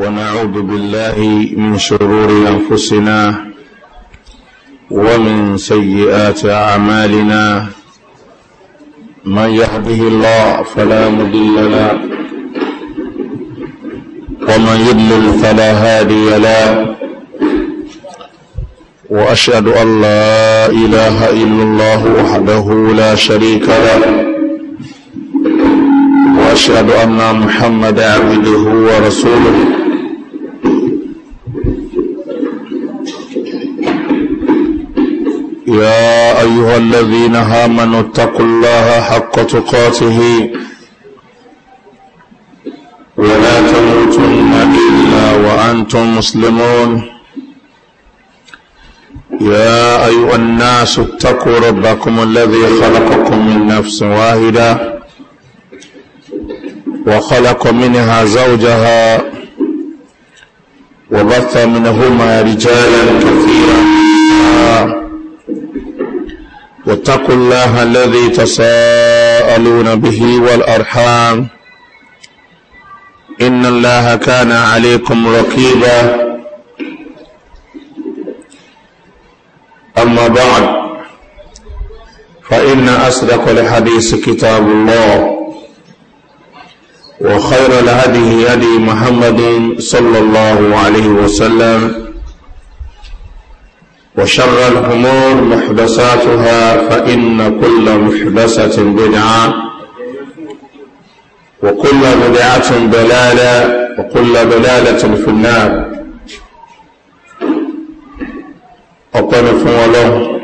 ونعوذ بالله من شرور انفسنا ومن سيئات اعمالنا من يهده الله فلا مضل له ومن يضلل فلا هادي له واشهد ان لا اله الا الله وحده لا شريك له واشهد ان محمدا عبده ورسوله يا أيها الذين آمنوا اتقوا الله حق تقاته ولا تموتن إلا وأنتم مسلمون يا أيها الناس اتقوا ربكم الذي خلقكم من نفس واحدة وخلق منها زوجها وبث منهما رجالا كثيرا واتقوا الله الذي تساءلون به والأرحام إن الله كان عليكم رقيبا أما بعد فإن أصدق الحديث كتاب الله وخير الهدي هدي محمد صلى الله عليه وسلم وشر الأمور محدثاتها فإن كل محدثة بدعة وكل بدعة ضلالة وكل ضلالة في النار أقول فوالله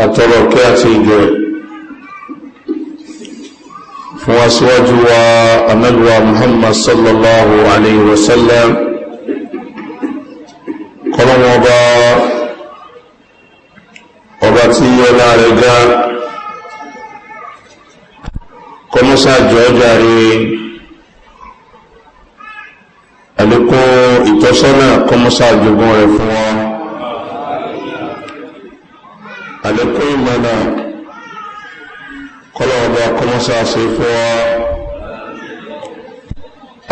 أتركاتي جوي فواسواجوا أملوا محمد صلى الله عليه وسلم kọ́lọ́wọ́ ọba ọba tí ọlá rẹ̀ ga kọ́mọ́sá jọ jàre àlékún ìtọ́sọ́nà kọ́mọ́sá jogún rẹ̀ fún wa àlékún ìmọ̀nà kọ́lọ́wọ́ ọba kọ́mọ́sá ṣe fún wa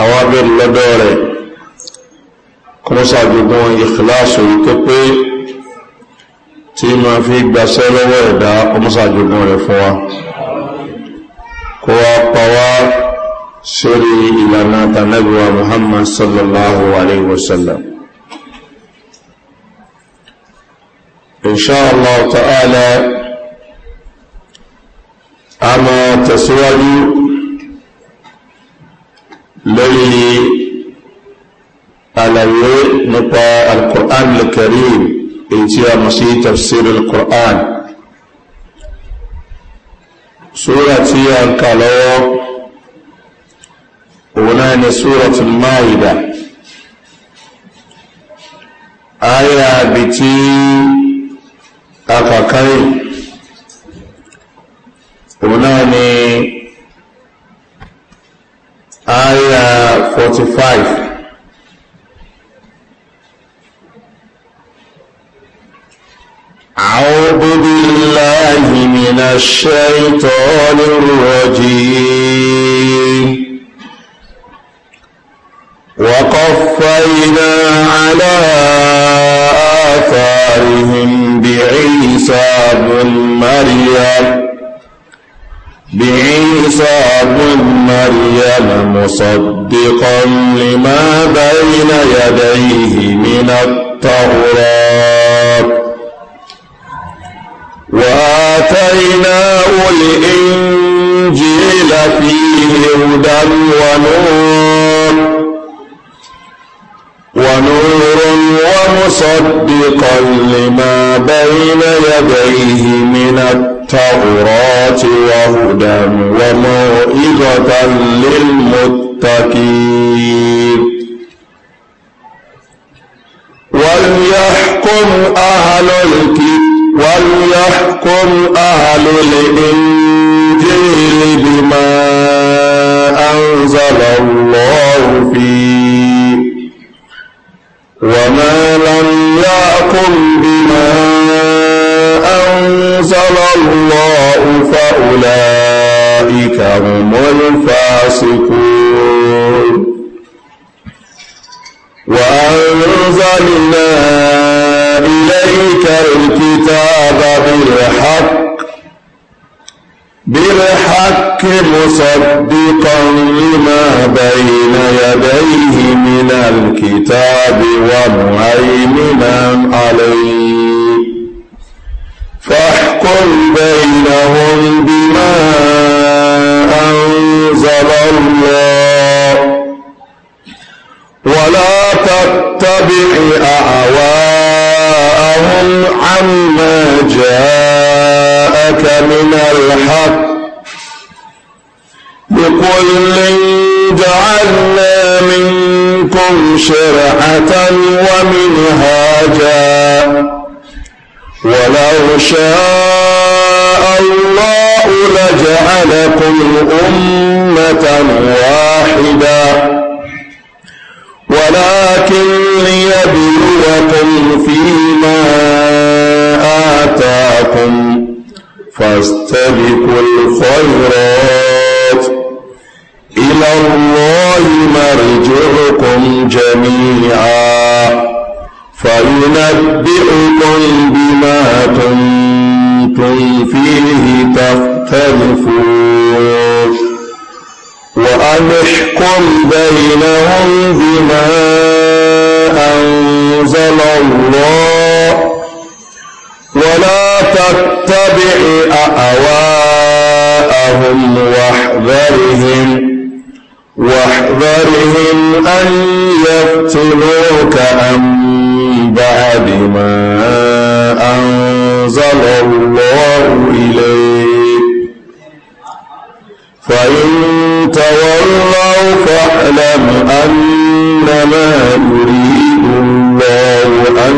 àwọn abẹ́rẹ́ lọ́dọ̀ rẹ̀ kọmọ́sá gbogbo ìkìláàsì orí pé tí ma fi gbaṣẹ́ lọ́wọ́ ẹ̀dá kọmọ́sá gbogbo rẹ̀ fún wa kó wa pa wá sórí ìlànà tànàbíwa muhammad sallallahu alaihi wasallam inṣáàlá ta'ala a máa tẹ̀síwájú lórí àlàyé nípa alkùrán lẹ́kẹ̀rìm èyí tí a mọ̀ sí tafsir alkùrán súra tí a ń kà lọ́wọ́ òun náà ni súra tí máìdá àyà bí tí a kà kárìn òun náà ni àyà 45 أعوذ بالله من الشيطان الرجيم وقفينا على آثارهم بعيسى بن مريم بعيسى بن مريم مصدقا لما بين يديه من التوراه وآتيناه الإنجيل فيه هدى ونور ونور ومصدقا لما بين يديه من التوراة وهدى وموعظة للمتقين وليحكم أهل الكتاب وليحكم أهل الإنجيل بما أنزل الله فيه وما لم يحكم بما أنزل الله فأولئك هم الفاسقون وأنزلنا إليك الكتاب بالحق بالحق مصدقا لما بين يديه من الكتاب ومهيمنا عليه فاحكم بينهم بما أنزل الله ولا تتبع أعوام لهم عما جاءك من الحق بكل جعلنا منكم شرعة ومنهاجا ولو شاء الله لجعلكم أمة واحدة ولكن ليبلوكم فيما آتاكم فاستبقوا الخيرات إلى الله مرجعكم جميعا فينبئكم بما كنتم فيه تختلفون وأنحكم بينهم بما أنزل الله ولا تتبع أهواءهم واحذرهم واحذرهم أن يفتنوك عن بعد ما أنزل الله إليك فإن تولوا فاعلم أنما يريد الله أن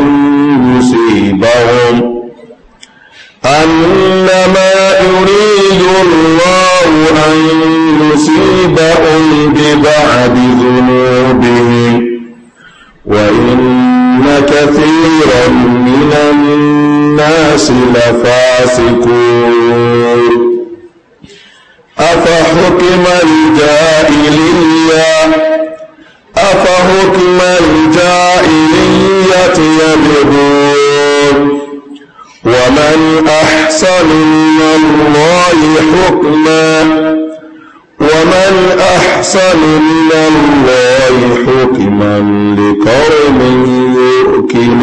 يصيبهم أنما يريد الله أن يصيبهم ببعض ذنوبهم وإن كثيرا من الناس لفاسقون أفحكم الجاهلية أفحكم الجاهلية يبغون ومن أحسن من الله حكما ومن أحسن من الله حكما لقوم يؤكلون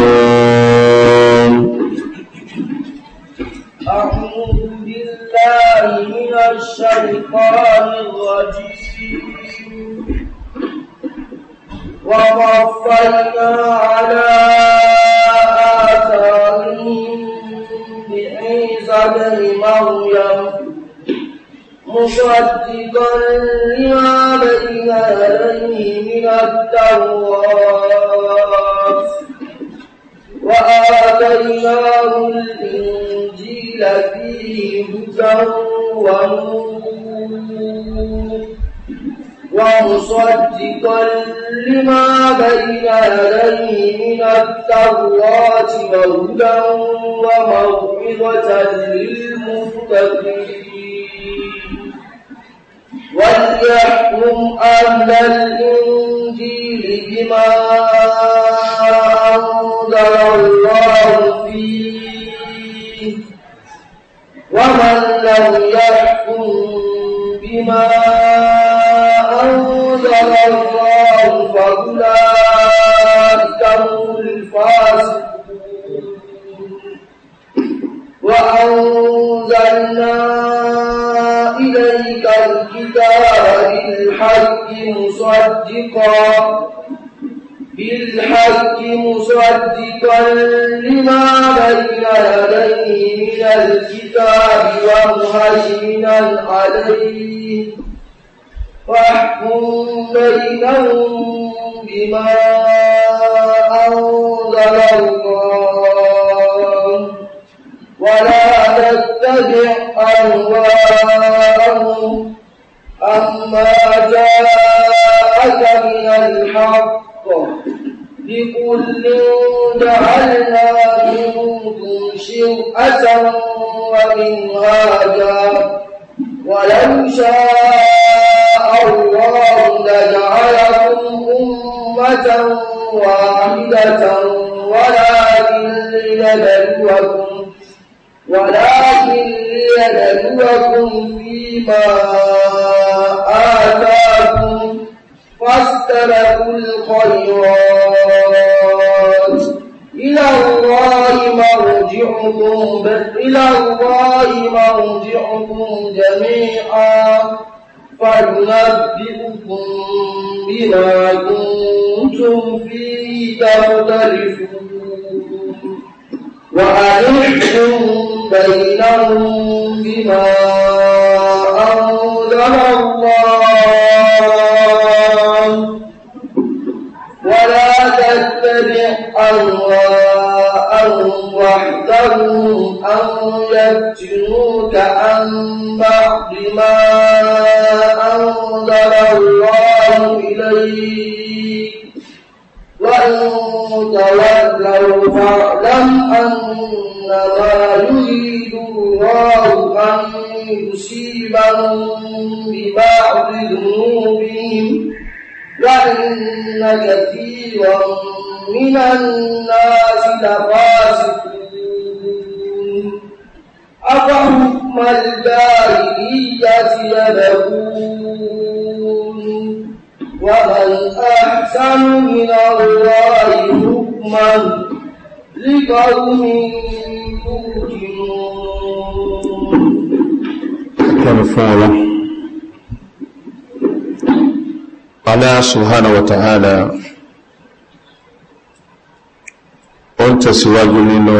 بالله من الشيطان الرجيم وقفينا على آثارهم بعيسى بن مريم مصدقا لما بين يديه من التوراة وآتيناه الإنجيل فيه هدى ونور ومصدقا لما بين يديه من التوراة وهدى وموعظة للمتقين وليحكم أهل الإنجيل بما أنزل الله فيه ومن لم يحكم بما أنزل الله فأولئك هم الفاسقون وأنزلنا الكتاب بالحق مصدقا بالحق مصدقا لما بين يديه من الكتاب ومهيمنا عليه فاحكم بينهم بما أنزل الله ولا تتبع أهواءهم أما جاءك من الحق لكل جعلنا منكم شرأة ومنهاجا ولو شاء الله لجعلكم أمة واحدة ولكن لنبلوكم ولكن ليبلوكم فيما آتاكم فاستبقوا الخيرات إلى الله مرجعكم إلى الله مرجعكم جميعا فينبئكم بما كنتم فيه تختلفون وأنحكم بينهم بما أنزل الله ولا تتبع أهواءهم واحذرهم أن يفتنوك عن بعض ما أنزل الله إليك وإن تولوا فاعلم أنما يريد الله أن يصيبهم ببعض ذنوبهم وإن كثيرا من الناس لفاسقون أفحكم الجاهلية يبغون ومن أحسن من الله حكما لقوم يوقنون Allah subhanahu wa ta'ala ó ń tẹ̀síwájú nínú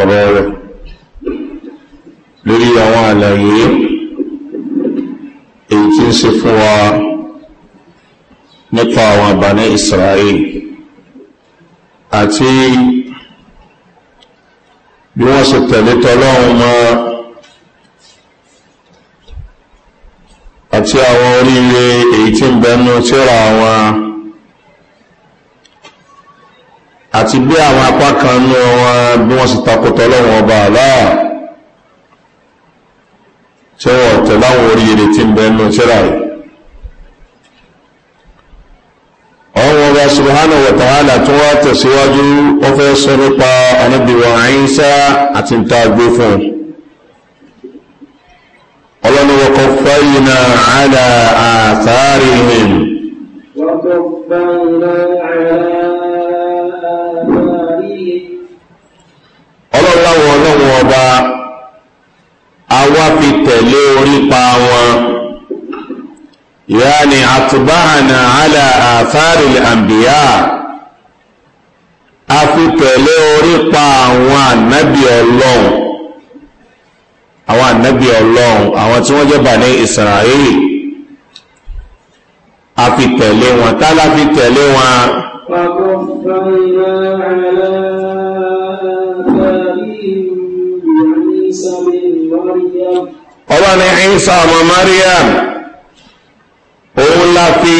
ọ̀rọ̀ rẹ̀ lórí àwọn àlàyé èyí tí ń ṣe fún wa nípa àwọn àbáni Israel àti bí wọ́n ṣe tẹ̀lé tọ́lọ́run mọ́ àti àwọn oríire èyí tí ń bẹnu tíra wọn àti bí àwọn apá kan nú wọn bí wọ́n ṣe takò tọ́lọ́run ọba àláà tí wọ́n tẹ̀láwọn oríire tí ń bẹnu tíra yìí ọ̀rọ̀ ọba subhanahu wa ta'ala tó wá tẹ̀síwájú ó fẹ́ sọ nípa ọ̀nàbíwá àyínsá àti ń ta gbé fún ọlọ́ni wọkọ̀ fáyínà àlà àtàrí hìn ọlọ́láwọ̀ ọlọ́wọ̀ ọba awá fi tẹ̀lé orí pa wọn yáni àtúbáhànà àlà àfáàrí àmbíyá a fi tẹ̀lé orí pa àwọn ànábì ọlọ́run àwọn ànábì ọlọ́run àwọn tí wọ́n jẹ́ bà ní Israeli a fi tẹ̀lé wọn tálá fi tẹ̀lé wọn. ọlọ́ni Isa ọmọ Maryam òun la fi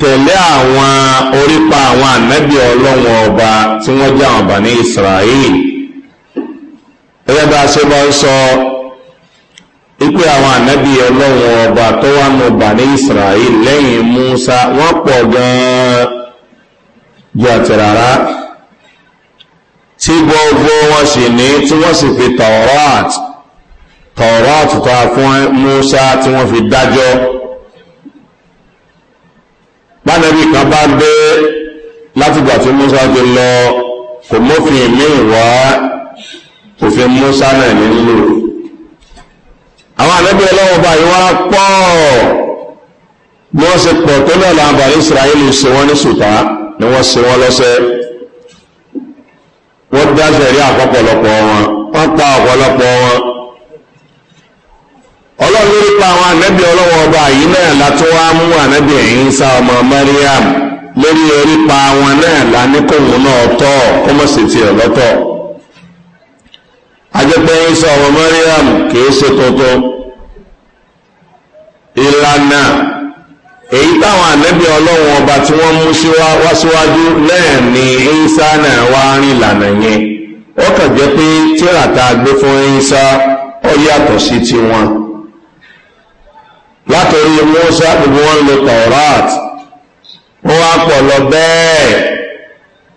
tẹ̀lé àwọn orípa àwọn ànábì ọlọ́run ọba tí wọ́n jẹ́ àwọn ọba ní Israel gẹ́gẹ́ bá a ṣe bá ń sọ ipe àwọn ànábì ọlọ́run ọba tó wà ní ọba ní Israel lẹ́yìn Musa wọ́n pọ̀ gan-an ju àti tí gbogbo wọn sì ní tí wọ́n sì fi Taurat Taurat tó a fún Musa tí wọ́n fi dájọ́ pánẹ́bí kan bá dé látìgbà tí musa ti lọ kò mọ́fin míì wá òfin musa náà nílò àwọn ànábì ọlọ́wọ́ báyìí wá pọ̀ bí wọ́n ṣe pọ̀ tó náà làǹbà ní israẹli ṣe wọ́n ní sùtá ni wọ́n ṣe wọ́n lọ́sẹ̀ wọ́n dá sẹ̀rí àpọ̀pọ̀lọpọ̀ wọn wọ́n pa ọ̀pọ̀lọpọ̀ wọn ọlọ́run ló pa àwọn ànábì ọlọ́wọ́ ọba yìí náà látó wá mú ànábì ẹ̀yìn sá ọmọ Mariam lórí orí pa àwọn náà láníkòhùn náà tọ́ kó mọ̀ sí tiẹ̀ lọ́tọ̀ ajẹ́pẹ́ ẹ̀yìn sá ọmọ Mariam kìí ṣe tuntun ìlànà èyí táwọn ànábì ọlọ́run ọba tí wọ́n mú wá síwájú náà ni ẹ̀yìn sá náà wá rìn ìlànà yẹn ó kàn jẹ́ pé tíra tá gbé fún ẹ̀yìn sá ó yàtọ̀ sí tiwọn látọ̀rí Musa gbogbo wọn lo Taurat wọ́n wá pọ̀ lọ bẹ́ẹ̀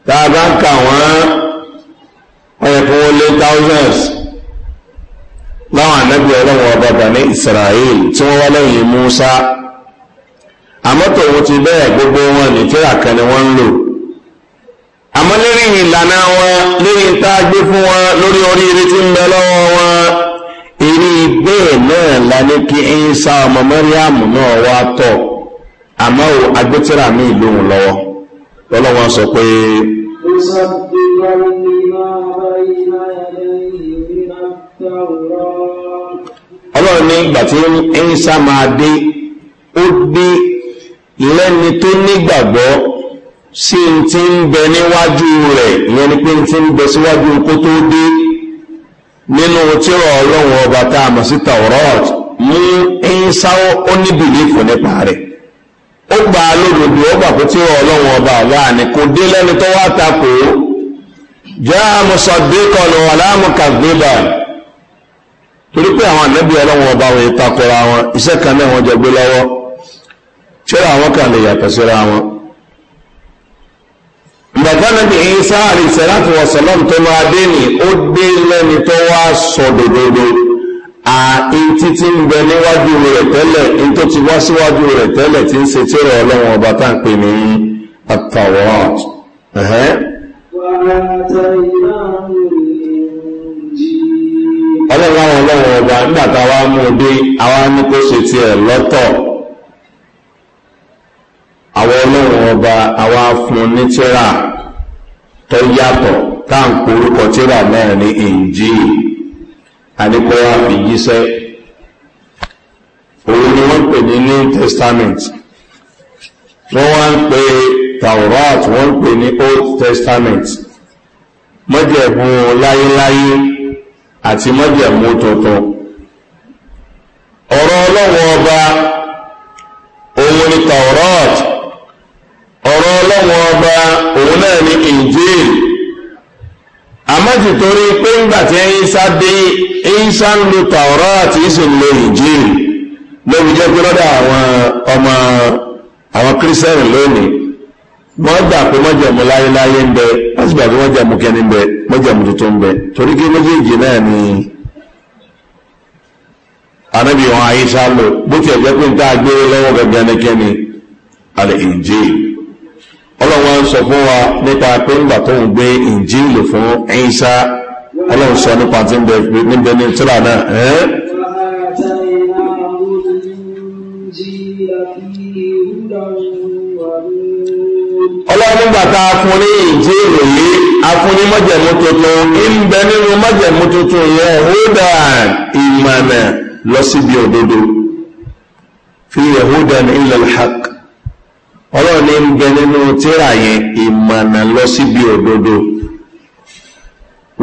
tá a bá ń kà wọ́n ọyẹ lé thousands láwọn ànábì ọlọ́wọ́n ọba bani Israel tí wọ́n wá lẹ́yìn Musa àmọ́ tòun ti bẹ́ẹ̀ gbogbo wọn ní tírà kan ni wọ́n ń lò àmọ́ lórí ìlànà wọn lórí ìta gbé fún wọn lórí oríire tí ń bẹ lọ́wọ́ wọn. eré bẹ́ẹ̀ náà la ní kí Ìsá ọmọ mẹ́ríàmù náà wá tọ̀ àmọ́ ò agbẹ́tẹ́rà mi lóhùn lọ́wọ́ lọ́lọ́wọ́ sọ pé. ọlọ́run ní ìgbà tí Ìsá máa dé ó dé lẹ́ni tó nígbàgbọ́ sí ti ń bẹ níwájú rẹ̀ ìyẹn ni pé ti ń bẹ síwájú nínú tírà ọlọ́run ọba tá a mọ̀ sí taurat mú ẹ̀yìnsáwó ó ní bìlífù nípa rẹ̀ ó gbà á lódodo ó gbà pé tírà ọlọ́run ọba àwa ni kò dé lẹ́ni tó wá ta kò ó jẹ́ àmùsọ̀dékọ̀ lọ aláàmùkàgbébà torí pé àwọn ànábì ọlọ́run ọba wọn ìtakọ̀ra wọn iṣẹ́ kan náà wọ́n jọ gbé lọ́wọ́ tírà àwọn kan lè yàtọ̀ síra wọn gbàgbọ́nà bí isa àrísẹ́láàtì wọ̀sọ̀lọ́m tó máa dé ní ó dé lẹ́ni tó wá sọ dòdòdó àti títí ń bẹ níwájú rẹ̀ tẹ́lẹ̀ ní tó ti wá síwájú rẹ̀ tẹ́lẹ̀ tí ń ṣe tí rẹ̀ ọlọ́run ọba tá ń pè ní atawọ́t. ọlọ́run ọlọ́run ọba nígbà táwa mú un dé àwa ní kó ṣe tiẹ̀ lọ́tọ̀ àwọn ọlọ́run ọba àwa fún ní tíra tó yàtọ̀ tá n korúkọ tíra náà ní Injil àníkọ́wá fi yíṣẹ́ òun ni wọ́n pè ní New Testament wọ́n wá ń pè Taurat wọ́n ń pè ní Old Testament mọ́jẹ̀mú láyéláyé àti mọ́jẹ̀mú tuntun ọ̀rọ̀ ọlọ́run ọba òun ni Taurat ọlọ́wọ́n ọba òun náà ní Injil àmọ́ ti torí pé ńgbà tí Ìsá dé Ìsá ń lo tàwọ́rọ́ àti ìsì ń lo Injil lóbi jẹ́ pé lọ́dọ̀ àwọn ọmọ àwọn kírísítẹ́nì lónìí wọ́n gbà pé mọ́jẹ̀mú láyéláyé ń bẹ wọ́n sì gbà pé mọ́jẹ̀mú kẹ́ni ń bẹ mọ́jẹ̀mú tuntun ń bẹ torí kí méjèèjì náà ni anábìyàn Ìsá lò bó tiẹ̀ jẹ́ pé ń tá a gbé lọ́wọ́ gẹ́gẹ́ ní kẹ́ni al-Injil. ọlọ́wọ́ ń sọ fún wa nípa pé ńgbà tó ń gbé ìnjílù fún Ìsá ọlọ́run sọ nípa tí ń bẹ níbẹ̀ ní tíra náà ẹ́ ọlọ́run fún ní ìnjílù yìí a fún ní tuntun ọlọ́run ní ń bẹ nínú tíra yẹn ìmọ̀nà lọ síbi òdodo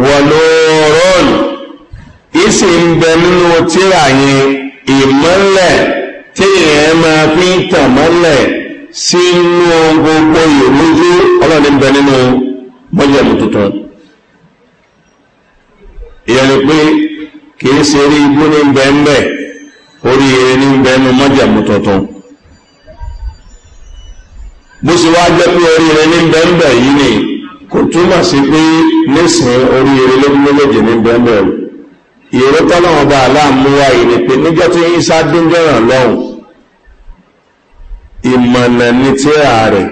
wọ̀lọ́rọ́ọ̀lù ìsì ń bẹ nínú tíra yẹn ìmọ́lẹ̀ tí ìyẹn máa fi ń tàn mọ́lẹ̀ sínú gbogbo ìrújú ọlọ́run ní ń bẹ nínú mọ́jẹ̀mú tuntun ìyẹn pé kì í ṣe eré igbó ní ń bẹ ń bẹ oríire ní ń bẹ nínú mọ́jẹ̀mú tuntun bó ṣe wá jẹ́ pé oríire ní bẹ́ẹ̀bẹ̀ yìí ni kò túmọ̀ sí pé nísìn oríire lógún méjèèjì ní bẹ́ẹ̀bẹ̀ o ìró tọ́lọ́wọ́n bá aláàmúwá yìí ni pé níjọ́ tí yín sá dúnjọ́ràn lọ́hùn ìmọ̀nà ní tíra rẹ̀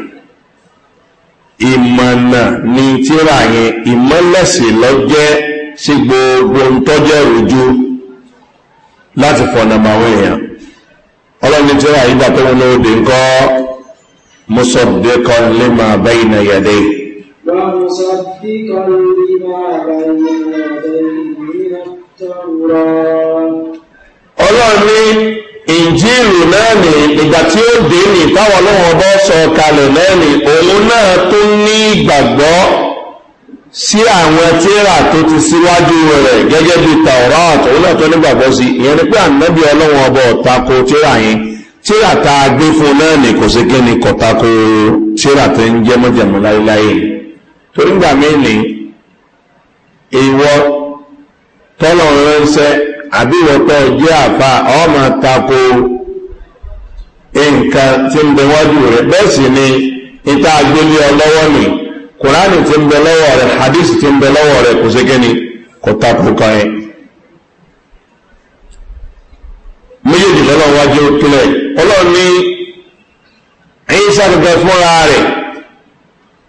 ìmọ̀nà ní tíra yẹn ìmọ̀lẹ́sì lọ́jẹ́ sí gbogbo ń tọ́jọ́ ìrújú láti fọ̀nà èèyàn ọlọ́run tíra yìí dá tó wọn lóde ńkọ́. مصدقا لما بين يديه ومصدقا لما بين يديه من التوراة ọlọ́run ní ìjírù náà ní ìgbà tí ó dé ní táwọn ọlọ́wọ́ bọ́ sọ kalẹ̀ náà ní òun náà tó ní ìgbàgbọ́ sí àwọn tíra tó ti síwájú rẹ̀ gẹ́gẹ́ bí tàwọ́rọ́ àtọ̀wọ́n náà tó nígbàgbọ́ sí ìyẹn ni pé ànábì ọlọ́wọ́ ọba ọ̀tako tíra yẹn tíra tá a gbé fún náà ní kò sí kí ni kọ̀tàkó tíra tó ń jẹ́ mọ́jàmọ́ láéláé torí gbà mí ni ìwọ tọ́lọ̀ ránṣẹ́ àbí ìwọ tó jẹ́ àfa ọmọ tako nǹkan tí ń bẹ wájú rẹ bẹ́ẹ̀ sì ni ìta agbélé ọlọ́wọ́ ni kùránì tí ń bẹ lọ́wọ́ rẹ hadith tí ń bẹ lọ́wọ́ rẹ kò sí kí ni kọ̀tàkó kan yẹn méjèèjì lọ́lọ́wájú kílẹ̀ yìí ọlọ́run ní Ìsá gẹ́gẹ́ fúnra rẹ̀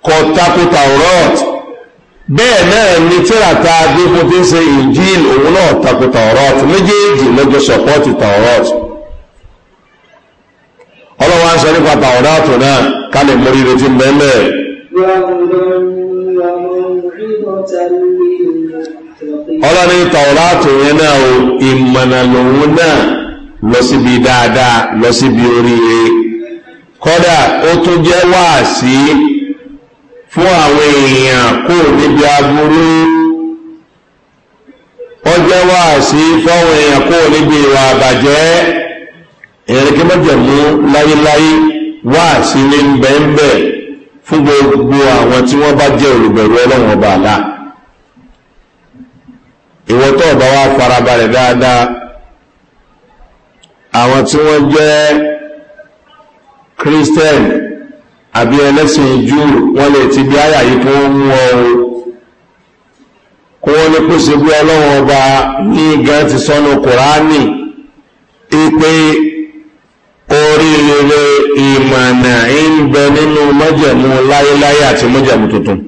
kọ takuta rọ́ọ̀t bẹ́ẹ̀ náà ni tírata adéfó tí ń ṣe Injil òun náà takuta rọ́ọ̀t méjèèjì lọ́jọ́ sọ̀pọ́tì tàwọ́rọ́ọ̀t ọlọ́wọ́ aṣọ nípa tàwọ́rọ́ọ̀t náà ká lè mọ rírẹ tí mẹ́lẹ̀ ọlọ́ni tàwọ́rọ́ọ̀t yẹn náà ìmọ̀nà lòun náà lọ síbi dáadáa lọ síbi oríire kódà ó tún jẹ́ wáàsí fún àwọn èèyàn kó níbi aburú ó jẹ́ wáàsí fáwọn èèyàn kó níbi ìwà àbàjẹ́ ẹ̀rẹ̀kẹ́ mọ́jẹ̀mú láyéláyé wáàsí ní bẹ́ẹ̀nbẹ́ẹ̀ fún gbogbo àwọn tí wọ́n bá jẹ́ olùbẹ̀rù ọlọ́run ọba àlá ìwọ́tọ̀ ọba wa farabalẹ̀ dáadáa àwọn tí wọ́n jẹ́ christian àbí ẹlẹ́sìn jù wọ́n lè ti bí àyà yìí kí wọ́n mú ọ o kí wọ́n ní kó ṣe bí ọlọ́run ọba ní gan ti sọnù kùránì pé oríire ìmọ̀nà ń bẹ nínú mọ́jẹ̀mú láyéláyé àti mọ́jẹ̀mú tuntun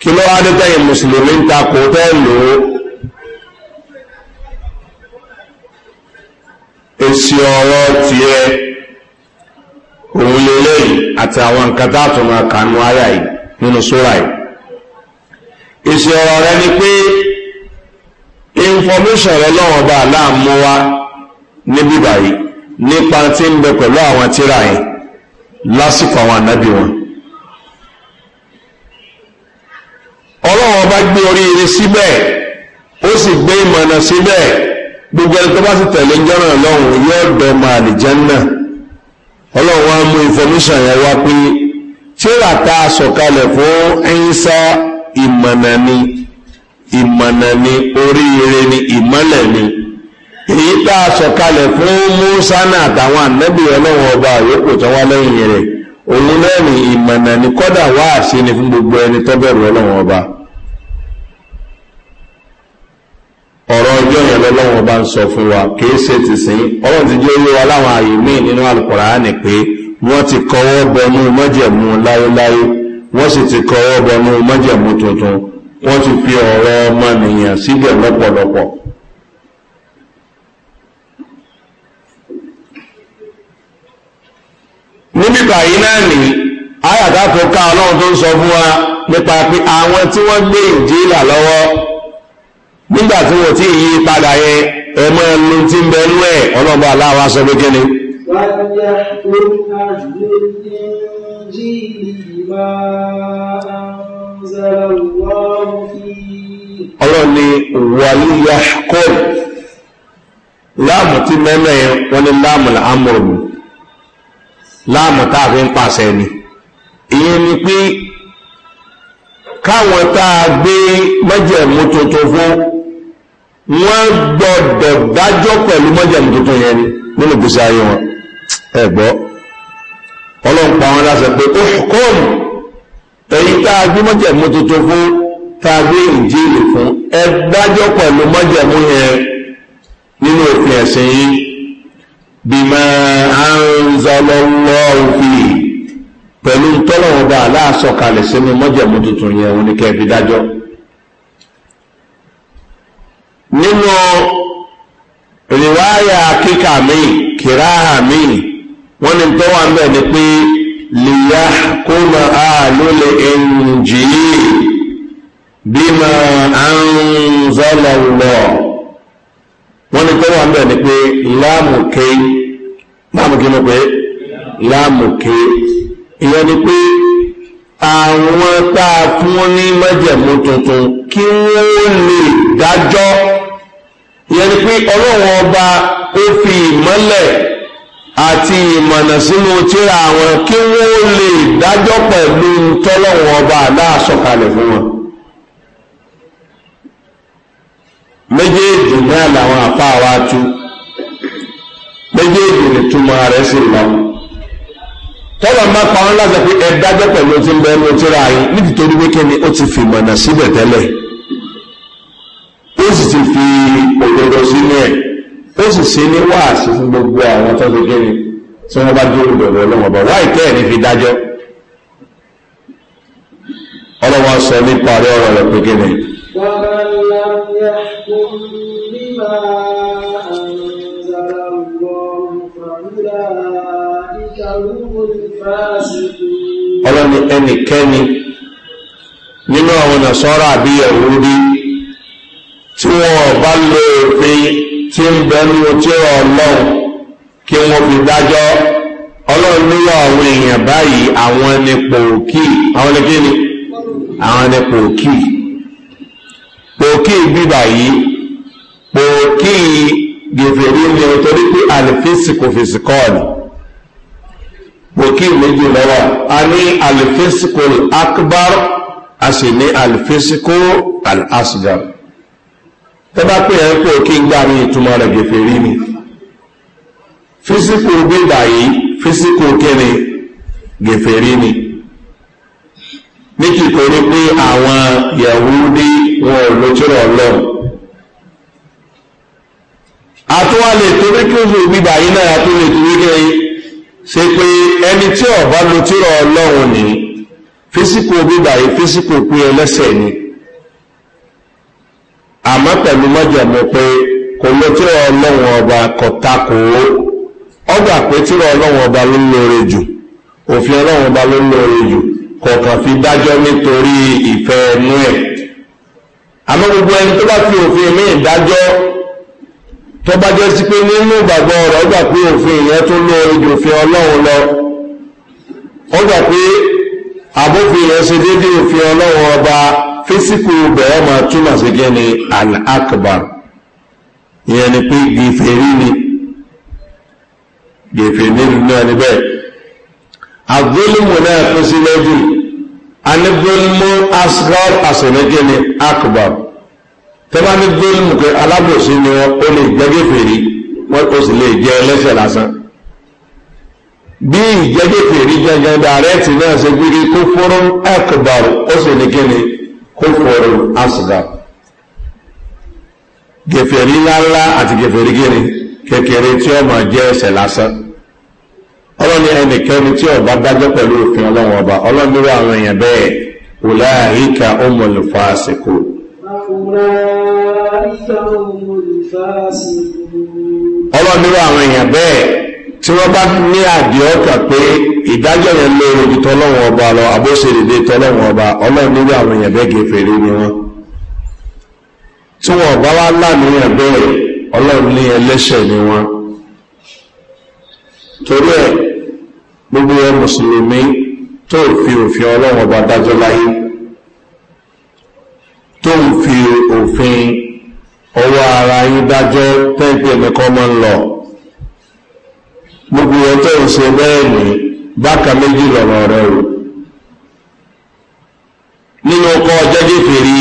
kí ló wá dé tẹ́yìn mùsùlùmí ń takò tẹ́ lòó èsì ọ̀rọ̀ tiẹ̀ òun lélẹ́yìn àti àwọn nǹkan tá a tún máa kà nù ayà yìí nínú sóra yìí èsì ọ̀rọ̀ rẹ ni pé information rẹ lọ́wọ́ bá a láàmú wa níbí báyìí nípa tí ń bẹ pẹ̀lú àwọn tíra yìí lásìkò àwọn ànábì wọn ọlọ́wọ́ bá gbé oríire síbẹ̀ ó sì gbé ìmọ̀nà síbẹ̀ gbogbo ẹni tó bá sì tẹ̀lé jọ́nà lọ́hùn yóò dọ̀mọ àlìjẹ́nà ọlọ́run wa mú information yẹn wá pé fún ẹ̀yìnsá oríire ni ìmọ̀lẹ̀ sọ̀kalẹ̀ fún náà àtàwọn ànábì ọlọ́run ọba tó wá lẹ́yìn rẹ̀ òun fún gbogbo ẹni tó bẹ̀rù ọlọ́run ọba. ọ̀rọ̀ ọjọ́ yẹn lọ́lọ́wọ́ bá ń sọ fún wa kìí ṣe ti sìn ọlọ́run ti jẹ́ olówó aláwọn ààyè míì nínú alukọ̀ránì pé wọ́n ti kọ́wọ́ bọnú mọ́jẹ̀mú láéláé wọ́n sì ti kọ́wọ́ bọnú mọ́jẹ̀mú tuntun wọ́n ti fi ọ̀rọ̀ ọmọnìyàn síbẹ̀ lọ́pọ̀lọpọ̀. níbi báyìí náà nìyí ayàtà tó ká ọlọ́run tó ń sọ fún wa nípa pé àwọn tí wọ́n gbé ìjìlá lọ́wọ́ nígbà tí wọ́n ti yí padà yẹ ẹmọ ẹnu tí ń bẹ̀rù ẹ̀ ọlọ́gbà aláwa pé ni wàlúùyà láàmù tí mẹ́mẹ́ yẹn wọ́n ní láàmù láàmù tá a fi ń pàṣẹ ni ìyẹn ni pé káwọn tá gbé mẹ́jẹ̀mú tuntun fún wọ́n gbọ́dọ̀ dájọ́ pẹ̀lú mọ́jẹ̀mú tuntun yẹn ni nínú gbèsè ayé wọn ẹ gbọ́ ọlọ́run pa wọn láṣẹ pé ó kọ́ọ̀n èyí tá a gbé mọ́jẹ̀mú tuntun fún tá a gbé ìjíìlì fún ẹ dájọ́ pẹ̀lú mọ́jẹ̀mú yẹn nínú òfin ẹ̀sìn yìí bímọ anzọlọ́wọ́ òfin pẹ̀lú tọ́lọ́wọ́n sínú mọ́jẹ̀mú tuntun yẹn òun ni kẹ́ fi nínú rìwáyà kíkà míì kìráhà míì wọ́n ní tó wà ń bẹ̀ ni pé lìyà kúmọ àlólè ẹnjìlì bímọ àǹzọ́lọ̀lọ̀ wọ́n ní tó wà ń bẹ̀ ni pé láàmùké láàmùké mo pé láàmùké ìyẹn ni pé àwọn tá a fún ní májẹ̀mú tuntun kí wọ́n lè dájọ́. ìyẹn ni pé ọba ó fi ìmọ́lẹ̀ àti ìmọ̀nà sínú tíra wọn kí wọ́n lè dájọ́ pẹ̀lú ọba aláàsọ̀kalẹ̀ fún wọn. méjèèjì náà làwọn àfáà wa tú méjèèjì ni túmọ̀ rẹ̀ sì lọ. tọ́lọ̀ máa pa wọn láti pé ẹ dájọ́ pẹ̀lú ó sì ti fi òdodo sínú ẹ̀ ó sì ṣe ní wáàsí fún gbogbo àwọn tó ṣe kéde tí wọ́n bá dúró dọ̀dọ̀ ọlọ́wọ́ bá wáì tẹ́ ẹ̀ ní fi dájọ́ ọlọ́wọ́ sọ nípa rẹ̀ ọ̀rọ̀ rẹ̀ pé kéde. wọ́n ọlọ́ni ẹnikẹ́ni nínú àwọn nàṣọ́rọ̀ àbí ẹ̀rú rí bí wọn bá lo òfin tí ń bẹnu tí ọlọ́run kí wọ́n fi dájọ́ ọlọ́run ló wà àwọn èèyàn báyìí àwọn ni pòókì àwọn ni kí ni àwọn ni pòókì pòókì bíbà yìí pòókì gèfèrè ni torí pé àlìfísìkò fìsìkọ́ ni pòókì méjì lọ́wọ́ a ní àlìfísìkò akbar a sì ní àlìfísìkò al'asgar tẹ́bá pé ẹ̀ ń pè kí ń gbá ní ìtumọ̀ rẹ̀ gèfè rí ni físíkù bídà yìí físíkù kíni gèfè rí ni ní kíkórí pé àwọn yẹ̀wúdí wọn ò lójúrò ọlọ́run àtúwà lè torí kí oṣù bíbà yìí náà tó lè torí kí ṣe pé ẹni tí ọba lójúrò ọlọ́run ní físíkù bíbà yìí físíkù pé ẹlẹ́sẹ̀ ni. àmọ́ pẹ̀lú mọ́jẹ̀mú pé kò lọ tíra ọlọ́run ọba kọ̀tàkó ọgbà pé tíra ọlọ́run ọba ló ń lóore jù òfin ọba ló ń lóore jù kọ̀ọ̀kan fi dájọ́ nítorí ìfẹ́ ẹnu ẹ̀ àmọ́ gbogbo ẹni tó bá fi òfin mí ìdájọ́ tó bá jẹ́ sí pé nínú ìgbàgbọ́ rẹ̀ ọgbà pé òfin ìyẹn tó lóore jù òfin lọ ọgbà pé àbófin ìyẹn físíkù bẹ̀rẹ̀ máa túmọ̀ sí kí ni al-akbar ìyẹn ni pé gèfèrí ni gèfèrí náà ni bẹ́ẹ̀ agbólimu náà pín sí méjì anigbólimu asghar àsìnìkí ni akbar tẹ́bá ní gbólimu pé alábòsí ni wọ́n ó lè jẹ́ gèfèrí wọ́n ó sì lè jẹ́ ẹlẹ́ṣẹ̀ lásán bí ìjẹ́gèfèrí gangan dàrẹ́tì náà ṣe gbígbé kó fọ́rọ́ akbar ó sì ní kí ni ụfọdụ asgar gẹ̀fẹ̀rí ńláńlá àti gẹ̀fẹ̀rí gíní kékeré tí ó mọ̀ jẹ́ lásán ọlọ́ni ẹnìkẹ́ni tí ọba dájọ́ pẹ̀lú òfin ọlọ́run ọba ọlọ́ni wà àwọn èèyàn bẹ́ẹ̀ ulaika umul fasiqun ọlọ́ni wà àwọn èèyàn bẹ́ẹ̀ tí wọ́n bá ní àdìọ́kà pé ìdájọ́ yẹn lórí ju tọ́lọ́wọ́n ọba lọ àbóṣèlédé tọ́lọ́wọ́n ọba ọlọ́run nínú àwọn èèyàn bẹ́ẹ̀ gẹ̀ẹ́fẹ̀ẹ́rẹ́ ni wọ́n tí wọ́n bá wá láàmìyàn bẹ́ẹ̀ ọlọ́run ní ẹlẹ́ṣẹ̀ ni wọ́n torí ẹ̀ gbogbo ẹ mùsùlùmí tó fi òfin ọlọ́run ọba dájọ́ láyé tó fi òfin ọwọ́ ara yín dájọ́ tẹ́ǹpì ẹnìkan máa ń lọ gbogbo ẹ tó ń ṣe bẹ́ẹ̀ nìyí bákan méjì lọ̀rọ̀ rẹ o nínú ọkọ̀ jẹ́jẹ́ fèrè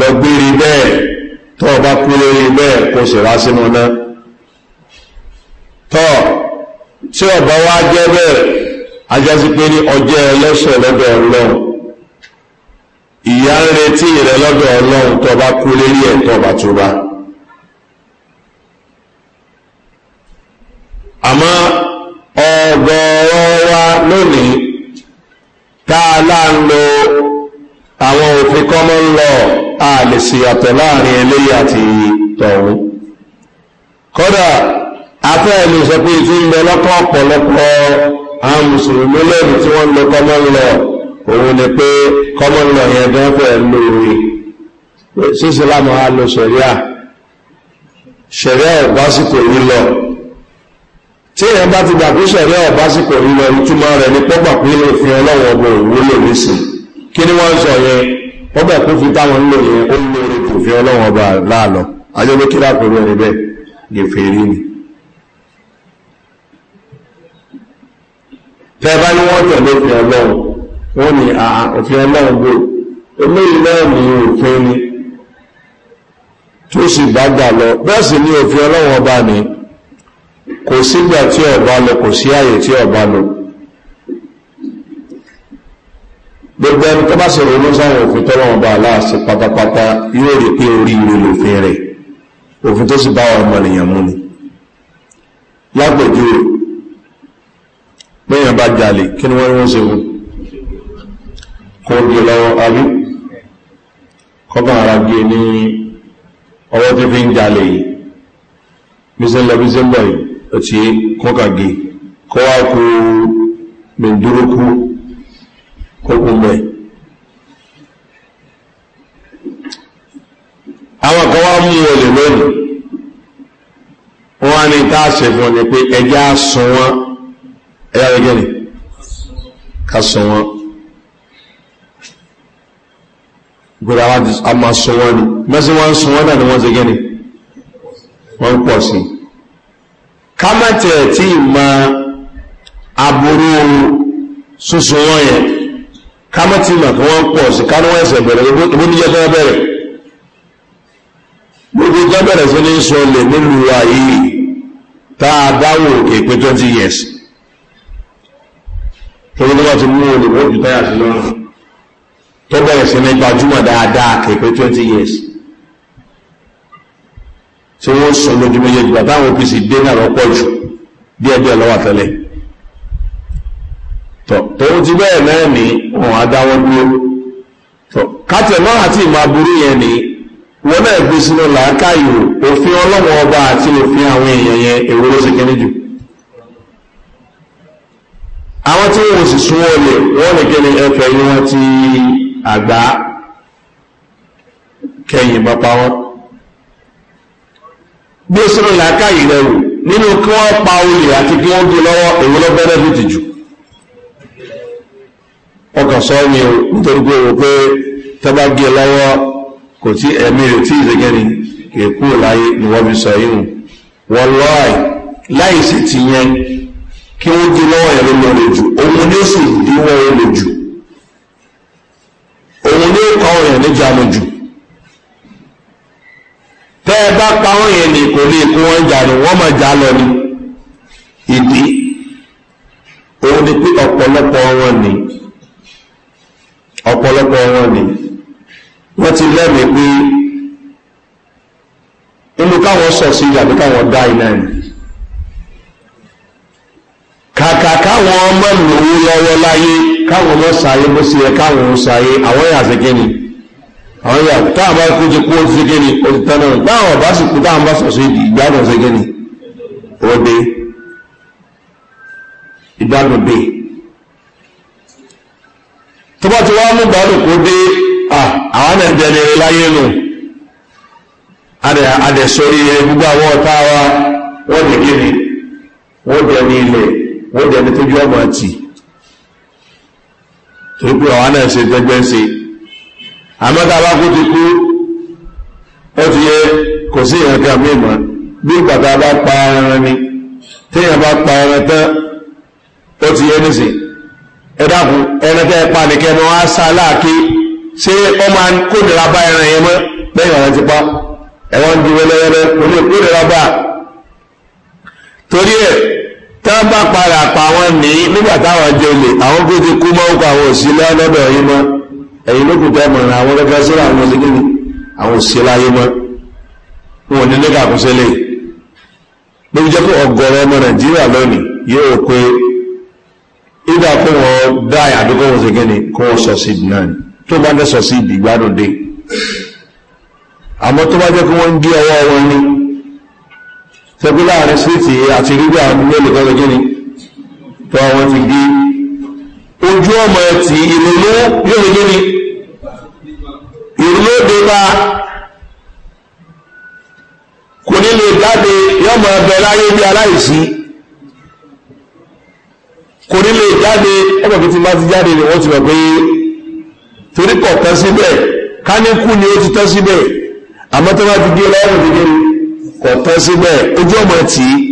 lọ́gbèrè bẹ́ẹ̀ tọ́ ọba kú lórí bẹ́ẹ̀ kò sì rá sínú náà tọ́ tí ọba wá jẹ́ bẹ́ẹ̀ ajásí pé ní ọjọ́ ẹlẹ́sọ̀ lọ́dọ̀ ọlọ́run ìyá ń retí rẹ lọ́dọ̀ ọlọ́run tọba kú lórí ẹ̀ tọba tó bá aláǹlò àwọn òfin common law a lè ṣe yàtọ̀ láàrin eléyìí àti tọ̀hún kódà afẹ́ ẹ̀lú sọ pé tí ń bẹ lọ́pọ̀ ọ̀pọ̀lọpọ̀ àwọn mùsùlùmí lẹ́nu tí wọ́n ń lo common law òun ni pé common law yẹn gan fẹ́ lo òwe sísè lámọ̀ á lo sẹ̀ríà sẹ̀ríà ọ̀gbásìkò yìí lọ tí èèyàn bá ti gbà pé sẹ̀rí ọ̀bá sì pọ̀ nínú ìtumọ̀ rẹ̀ ní pọ́pà pé lè fi ọlọ́wọ́ ọgbọ̀n òwúlò nísìn kí ni wọ́n ń sọ yẹn pọ́pà pé fi táwọn ńlò yẹn ó ń lò rẹ̀ kò fi ọlọ́wọ́ ọba láàlọ́ ajẹ́ ló kíra pẹ̀lú ẹni bẹ́ẹ̀ gèfè rí ni. tẹ́ bá ní wọ́n tẹ̀lé òfin ọlọ́run wọ́n ní òfin ọlọ́run gbò eléyìí náà ní òfin ni tó sì bá gbà lọ bẹ́ẹ̀ sì ní òfin ọlọ́run ọba nìyí kò sígbà tí ọba lọ kò sí ààyè tí ọba lọ gbogbo ẹni tó bá sì ronú sáwọn òfin tó wọn bá aláàṣẹ pátápátá yóò rí pé orí ire lòfin rẹ òfin tó sì bá wọn ọmọnìyàn mú ni lápèjúwe bẹ́yàn bá jalè kí ni wọ́n wọ́n ṣe mú kó gé e lọ́wọ́ àbí kọ́kàn ara gé e ní ọwọ́ tó fi ń jalè yìí bí sẹ́ńlọ bí sẹ́ńlọ yìí ọtí kọkàgé kọwá kó mẹdúrókú kókó mẹ. àwọn kan wá mú olè lónìí wọn á ní tá a ṣe fún ọ ni pé ẹjẹ á sùn wọn ẹyà rẹ gẹ́ni ni mẹsàn-án wọn sùn wọn náà ni wọn ṣe gẹ́ni kámẹ́tẹ̀ tí ma aburú sunsun wọn yẹn kámẹ́tì mà kí wọ́n pọ̀ sí kánú ẹsẹ̀ bẹ̀rẹ̀ ìbú níjẹ́ fẹ́ bẹ̀rẹ̀ gbogbo ìjọ bẹ̀rẹ̀ sí ní sọ lè nílùú wa yìí tá a bá wò kéèpé twenty years torí tó bá ti mú olùkọ́ jù táyà sí lọ́rùn tó bẹ̀rẹ̀ sí ní gbajúmọ̀ dáadáa kéèpé twenty years tí wọ́n sọ lójú méjèèjì bàtà àwọn òbí sì dé náà lọ́pọ̀ jù díẹ̀ díẹ̀ lọ́wọ́ àtẹ́lẹ̀ tọ́ tòun ti bẹ́ẹ̀ náà ní wọn á dáwọ́ dúró tọ́ kátẹ̀mọ́ àti ìmọ̀ aburú yẹn ni wọn náà gbé sínú làákàyò òfin ọlọ́wọ́ ọba àti òfin àwọn èèyàn yẹn èwo ló ṣe kéré jù àwọn tí wọn sì súnwọ́ lè wọ́n lè kéde ẹ̀fẹ̀ yìí wọ́n ti àgbà kẹyìn bàbá wọn gbé sínú làákàyè rẹ̀ wò nínú kí wọ́n pa olè àti kí wọ́n gbé lọ́wọ́ èwo ló bẹ́rẹ̀ bìtì jù ọkàn sọ ni o nítorí pé o pé tọ́ba gbé lọ́wọ́ kò tí ẹ̀mí rẹ̀ tí ìdẹ́gẹ́ni èkú láyé ni wọ́n fi sọ yìí wọ́n lọ́ọ̀ì láì sì ti yẹn kí wọ́n gbé lọ́wọ́ yẹn lọ lè jù òun ni ó sì díwọ́ lè jù òun ni ó kọ́ ọ̀rẹ́ níjà lè jù tẹ́ ẹ bá pa wọ́n yẹn ní kò lè kó wọn jà ní wọ́n mọ̀ já lọ ni ìdí òun ni pé ọ̀pọ̀lọpọ̀ wọn ni ọ̀pọ̀lọpọ̀ wọn ni wọ́n ti lẹ́mìí pé inú káwọn sọ̀ sí àbí káwọn dá iná ni kàkà káwọn ọmọ lòwú lọ́wọ́ láyé káwọn ọmọ sàyé bó ṣe yẹ káwọn ń sàyé àwọn yàtọ̀ kí ni. àwọn ìyà táà bá kó ti kú ti ṣe gẹ́ni ó ti tán náà báwọn ọ̀bá sì kú táà bá sọ̀sọ̀ ìdí ìgbádùn ṣe gẹ́ni ó ìgbádùn dé tó bá ti wá mú gbádùn kó dé àwọn náà jẹni láyé nù adẹ̀ sórí ẹ gbogbo àwọn ọ̀tá wa wọ́n àmọ́ tá a bá kú ti kú ó ti yẹ kò sí ìyẹn kan mí mọ́ bí ìgbà tá a bá pa ẹran ni téèyàn bá pa ẹran tán ó ti yẹ nísìn ẹ dákun ẹran tẹ́ ẹ pa nìkẹ́ ni wọ́n á sá láàkí ṣé ọ máa kó nira bá ẹran yẹn mọ́ lẹ́yìn ọ̀rẹ́ ti pa ẹ̀wọ́n ń di wẹ́lẹ́wẹ́lẹ́ kò kó nira bá torí ẹ̀ tí bá padà pa àwọn nìyí nígbà táwọn jẹ olè àwọn kó ti kú mọ́ ń àwọn òsì lọ́dọ̀ yìí mọ́ ẹ̀yìn lókùn tẹ́ mọ̀ràn àwọn gẹ́gẹ́ sí àwọn òsìkí ni àwọn òsì láyé mọ́ wọn ní lẹ́gà kún sílẹ̀ ló jẹ́ pé ọgọ́rọ̀ ọmọ nàìjíríà lónìí yóò pé ìdá kó wọn dá àyàdó kó wọn ṣègé ni kó wọn sọ̀sídì náà ni tó bá dé sọ̀sídì gbádùn dé àmọ́ tó bá jẹ́ kó wọ́n ń gé ọwọ́ wọn ní sẹ́gbẹ́ láàrin síìtì àti rígbà mélòó kan ṣègé ni tó àwọn ti gé ojú ọmọ ẹtì ìrònú yóò ṣègé ni yóò dé bá kò ní lè jáde yóò mọ ọbẹ láyé bí aláìsí kò ní lè jáde ẹgbẹ́ fi ti máa ti jáde ni wọ́n ti mọ̀ pé torí kọ̀ tán síbẹ̀ káníkù ni ó ti tán síbẹ̀ àmọ́ tó bá ti gé lọ́wọ́ ti gé kọ̀ tán síbẹ̀ ojú ọmọ tì í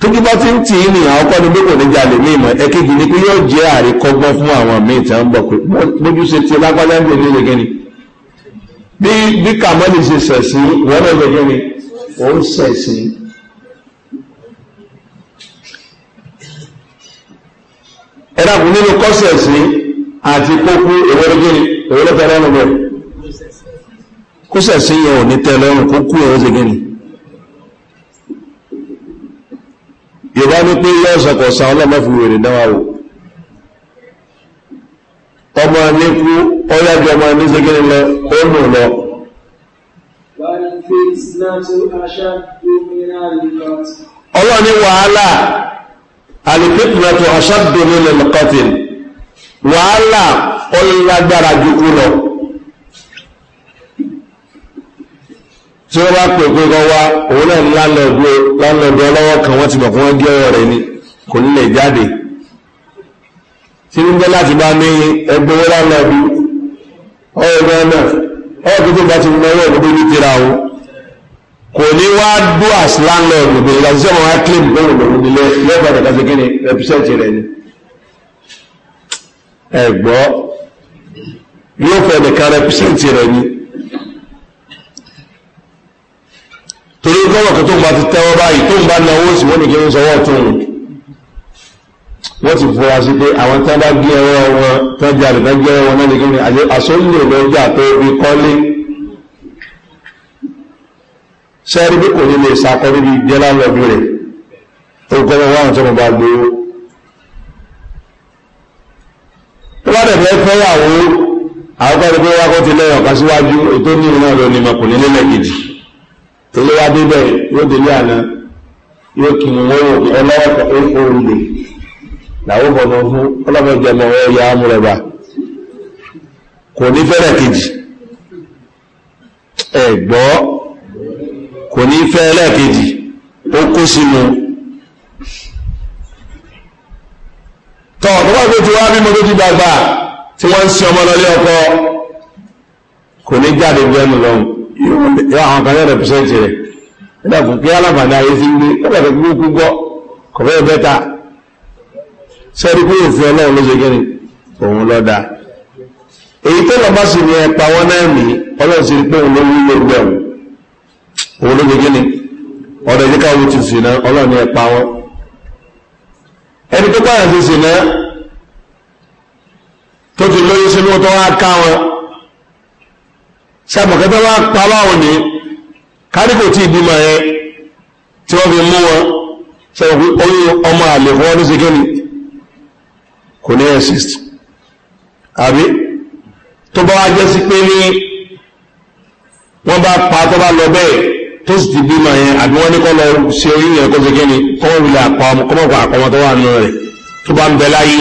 tójú bá ti ń tì í ní àwọn kọ́ ni gbogbo níjà lè ní ìmọ̀ ẹ̀kejì ni pé yóò jẹ́ àríkọ́gbọ́n fún àwọn míì tí wọ́n ń bọ̀ pé mójúṣe ti lágbájá ń gbé ní ìlẹ̀gẹ́ni bí bí kàmọ́lì ṣe sẹ̀sí wọ́n lè gẹ́gẹ́ ni ó ń sẹ̀sí ẹ̀dàkùn nínú kọ́sẹ̀sí àti kókú ìwọ́lẹ́gẹ́ ni ìwọ́lẹ́gẹ́ lọ́nà bẹ́ẹ̀ kọ́sẹ̀sí yẹn ò ní tẹ́ lọ́rùn kókú ìwọ́lẹ́gẹ́ ni yorùbá ní pé yọ́ ọ̀sọ̀kọ̀ọ̀sán ọlọ́mọ fi wèrè dáwà wò ọmọ níkú ọyájọ ọmọ ní ṣegínì lọ ó lọ ní wàhálà alìfitna tó aṣáàdùn n'ụlọ wàhálà ọlọ́lágbára jùkú lọ tí wọ́n bá pè pé kọ́ wá òun náà lánàá ọlọ́wọ́ kan wọ́n ti fún wọn ni kò ní lè jáde tí ń jẹ́ láti bá ní ẹgbẹ́ lánàbí ọ̀rọ̀ náà ọ̀rọ̀ tó bá ti mọ ọwọ́ ìgbẹ́ ní tira o kò ní wá dó àsìlán lọ ìgbẹ́ láti sọ́mọ́ wá kílìm gbọ́nà gbọ́nà nílé lẹ́gbàá tàbí sí kíni rẹpísẹ́ǹtì rẹ ni ẹ̀gbọ́ wọ́n ti fura sí pé àwọn tán bá gé ẹwọ́ wọn tán jalè tán gé ẹwọ́ wọn náà nìkan ni àyè àsọ́lẹ̀ lọ́jà tó fi kọ́lé sẹ́ẹ̀rí bí kò ní lè sakọ́ níbi jẹ́lá lọ́dún rẹ̀ tó kọ́ wọn wọ́n tó mọ̀ bá gbowó. tó bá dẹ̀fẹ́ fẹ́yàwó àwọn kan ní pé wọ́n kọ́ ti lẹ́yìn ọ̀kan síwájú ètò ní ìlú náà lọ ní mọ̀kùnrin nílẹ̀ kejì tó lé wá débẹ̀ yóò délé àná yóò kì í wọ́n ọlọ́wọ́ làwọn ọmọ fún ọlọ́mọdé ọmọ ọyọ amúrẹ̀bà kò ní fẹ́rẹ̀ kejì ẹ̀gbọ́ kò ní fẹ́rẹ̀ kejì ó kó sínú tọ́ ọ̀pọ̀pọ̀ tó ti wá mímọ́ tó ti dàgbà tí wọ́n ń sin ọmọ lọlé ọkọ kò ní jáde gbẹ́nu lọ́hùn yóò àwọn kan lẹ́rẹ̀ pẹ̀sẹ̀ntì rẹ̀ nígbà kí alábàdà ayé sí ń gbé ó bẹ̀rẹ̀ gbọ́ kò fẹ́ bẹ́ta sẹ́rí pé òfin ọlọ́run ló ṣe gẹ́rin òun lọ́dá èyí tó lọ bá sì ní ẹpa wọn náà ní ọlọ́run sí pé òun ló ní gbogbo ẹ̀wọ̀n òun ló ṣe gẹ́rin ọ̀dọ̀ ìdí káwọn ti sì ná ọlọ́run ní ẹpa wọn ẹni tó pààyàn ti sì ná tó ti lóyún sínú tó wá ká wọn sàmọ̀kẹ́tọ́ wá pa báwọn ní káríkò tí ìbímọ yẹn tí wọ́n fi mú wọn sọ̀rọ̀ pé ọmọ àlè fún ọdún sí gẹ́rin kò ní exist àbí tó bá wá jẹ́ sí pé ní wọ́n bá pa tó bá lọ bẹ́ẹ̀ tó sì ti bímọ yẹn àbí wọ́n ní kọ́ lọ ṣe oyún yẹn kó ṣe ni kọ́ wọ́n wulẹ̀ àpá ọmọ kọ́mọ̀ pa àpamọ́ tó wà nù rẹ̀ tó bá ń bẹ láyé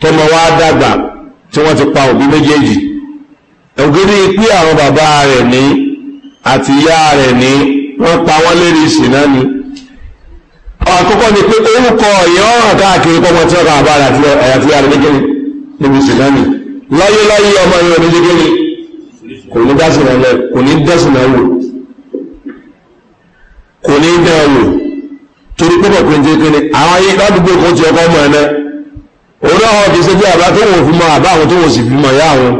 tó mọ wá dàgbà tí wọ́n ti pa òbí méjèèjì ògiri pé ní àti àkọ́kọ́ ni pé orúkọ ìyẹn ọ̀ràn káàkiri pọ́mọ tí ọkàn àbára àti àyàfi àrẹ́gẹ́gẹ́ni níbi sùnámì láyéláyé ọmọ ìwọ̀n onígẹ́gẹ́ni kò ní dásìnà lẹ kò ní dásìnà wò kò ní dá wò torí pé pẹ̀pẹ̀ ní kékeré àwọn ayé ládùúgbò kan ti ọkọ ọmọ ẹ̀ náà òun àwọn kì í ṣe bí àbá tó wọ́n fi mọ àbá àwọn tó wọ́n sì fi mọ ìyá àwọn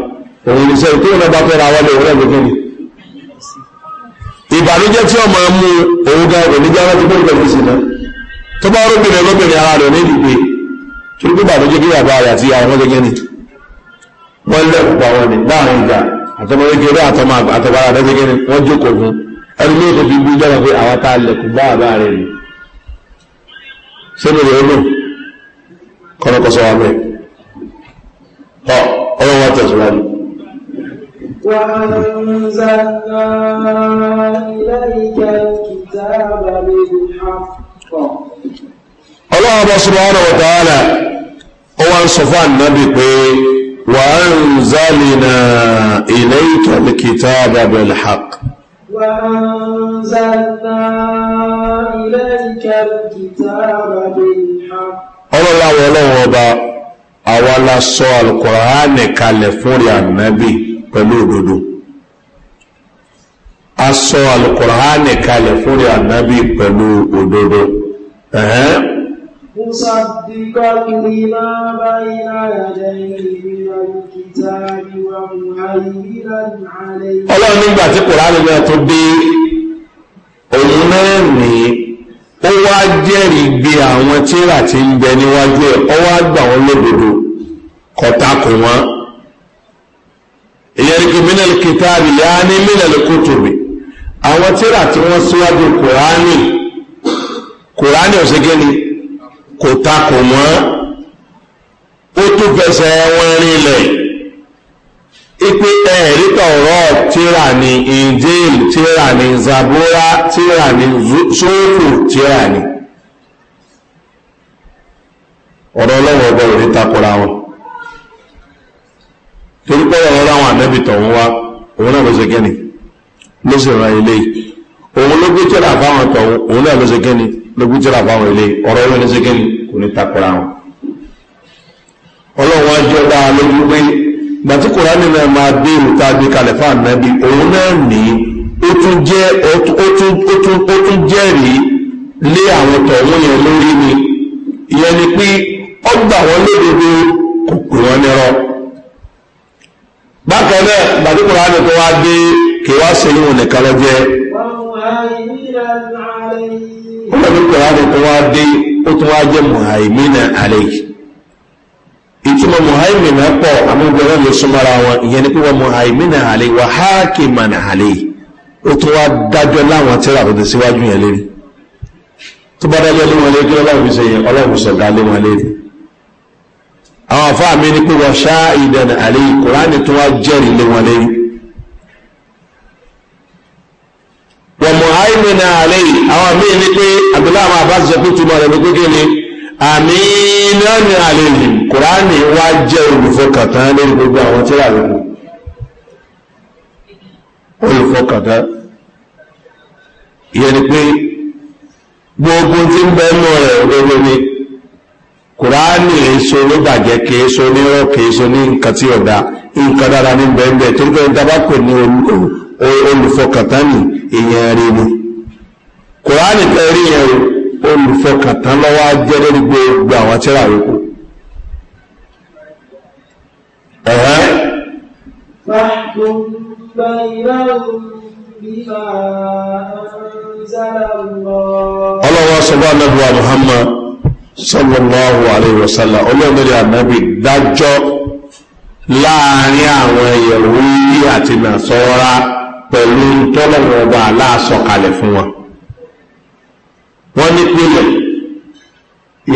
òun ní sẹ́yìn tó wọn bá fẹ́ ra wọlé òun náà gbẹ́gẹ́ni ìbànújẹ́ tí ọmọ mú òun ga ìròníjà láti gbẹ́gbẹ́ fi sí náà tó bá rọ́bìnrin rọ́bìnrin ara rẹ̀ níbi pé tí ó gbà tó jẹ́ kí bàbá rẹ̀ àti àwọn gẹ́gẹ́ ni wọ́n lẹ́kùn pa wọn ni láàrin ìgbà àtọmọ gẹ́gẹ́ rẹ̀ àtọmọ àtọmọ ara rẹ̀ gẹ́gẹ́ ni wọ́n jókòó fún ẹni ní oṣù bíbí jọ́nà pé àwọn tá a lẹ̀kùn bá bàbá rẹ̀ ni sẹ́mi rẹ̀ lò kọ́nàkọ́sọ wa bẹ́ẹ̀ ọ ọlọ́wọ́ tẹ̀síwájú. وأنزلنا إليك الكتاب بالحق ọlọ́run bá subhanahu wa ta'ala ó wá ń sọ fún ànábì pé wa anzalna ilayka al-kitaba bil-haqq wa anzalna ilayka al-kitaba bil-haqq ọlọ́run àwọn ọlọ́run ọba àwa la sọ al kalẹ̀ fún rí ànábì pẹ̀lú òdodo a sọ al kalẹ̀ fún rí ànábì pẹ̀lú òdodo مصدقا لما بين يديه من الكتاب ومهيمنا عليه ọlọ́run nígbà tí kòránì náà tó dé òun náà ní ó wá jẹ́rìí gbé àwọn tíra tí ń bẹ níwájú ẹ̀ ó wá gbà wọ́n lódodo kọ̀tàkù wọn ìyẹ́rìkì mínàlì kìtàbì yá ní mínàlì kùtùbì àwọn tíra tí wọ́n síwájú kòránì kùránì òsèkéni kò takò wọn ó tún fẹsẹ̀ wọn rinlẹ̀ ipe ẹ̀rí tọ̀rọ̀ tíra ní injil tíra ní zabura tíra ní sóòfù tíra ní ọ̀rọ̀ ọlọ́wọ́ ọgbọ́n òní takora wọn torí pé ọ̀rọ̀ láwọn ànábì tọ̀hún wá òun náà ló ṣe kẹ́ni ló sì ran ilé òun ló gbé tíra fáwọn tọ̀hún òun náà ló ṣe kẹ́ni lókú tíra fáwọn ilé ọ̀rọ̀ yóò ní sékèlì kò ní takora wọn. ọlọ́run wá jẹ́ ọba lójú pé gbàtí kòránì náà máa dé ìrùta gbé kalẹ̀ fún ànábì òun náà ní ó tún jẹ́ ó tún jẹ́rìí lé àwọn tọ̀hún yẹn lórí ni ìyẹn ni pé ọgbà wọn lódodo kò pè wọn nírọ́ bákan náà gbàtí kòránì tó wá dé kí wá sí ìwọ̀n nìkan lọ jẹ́ ó lọ nípa ààrẹ tó wá dé ó tó wá jẹ́ muhaimina alayhi ìtumọ̀ muhaimina pọ̀ amúgbẹ̀rẹ̀ lè súnmọ́ra wọn ìyẹn ni pé wọ́n muhaimina alayhi wa hakiman alayhi ó tó wá dájọ́ láwọn tírà tó ti síwájú yẹn lérí tó bá dájọ́ lé wọn lérí kí ọlọ́run ṣe yẹn ọlọ́run sọ̀gá lé wọn lérí àwọn àfáà mi ni pé wọ́n ṣá ìdẹ̀nà alayhi kùránì tó wá jẹ́rìí lé wọn lérí wọ́n muhaimina alayhi àwọn míì ni pé abdullahi àwọn àbá sọ pé túmọ̀ rẹ̀ ní kékeré ni àmì náà ni àlè yìí kùránì wá jẹ́ olùfọkàntán lórí gbogbo àwọn tíra lóko olùfọkàntán ìyẹn ni pé gbogbo tí ń bẹ nù rẹ̀ gbogbo ni kùránì èso ló bàjẹ́ kì ní rọ́ kì ní nǹkan tí ọ̀dà nǹkan dára ní bẹ́ẹ̀ bẹ́ẹ̀ torí pé dábàá pè ní olùfọkàntán ni ìyẹn rí ni kùránì tẹ́rí yẹn olùfọkàntán lọ́wọ́ jẹ́ lórí gbogbo àwọn tíra yòókù ẹ̀hẹ́ ọlọ́wọ́ sọ́gbà anábíwá Muhammad sallallahu alayhi wa sallam olóòmìnirí anábì dájọ́ láàrin àwọn Yẹhudi àti Nasara pẹ̀lú tọ́lọ̀wọ̀ ọba aláàsọ̀kalẹ̀ fún wọn wọ́n nípìnlẹ̀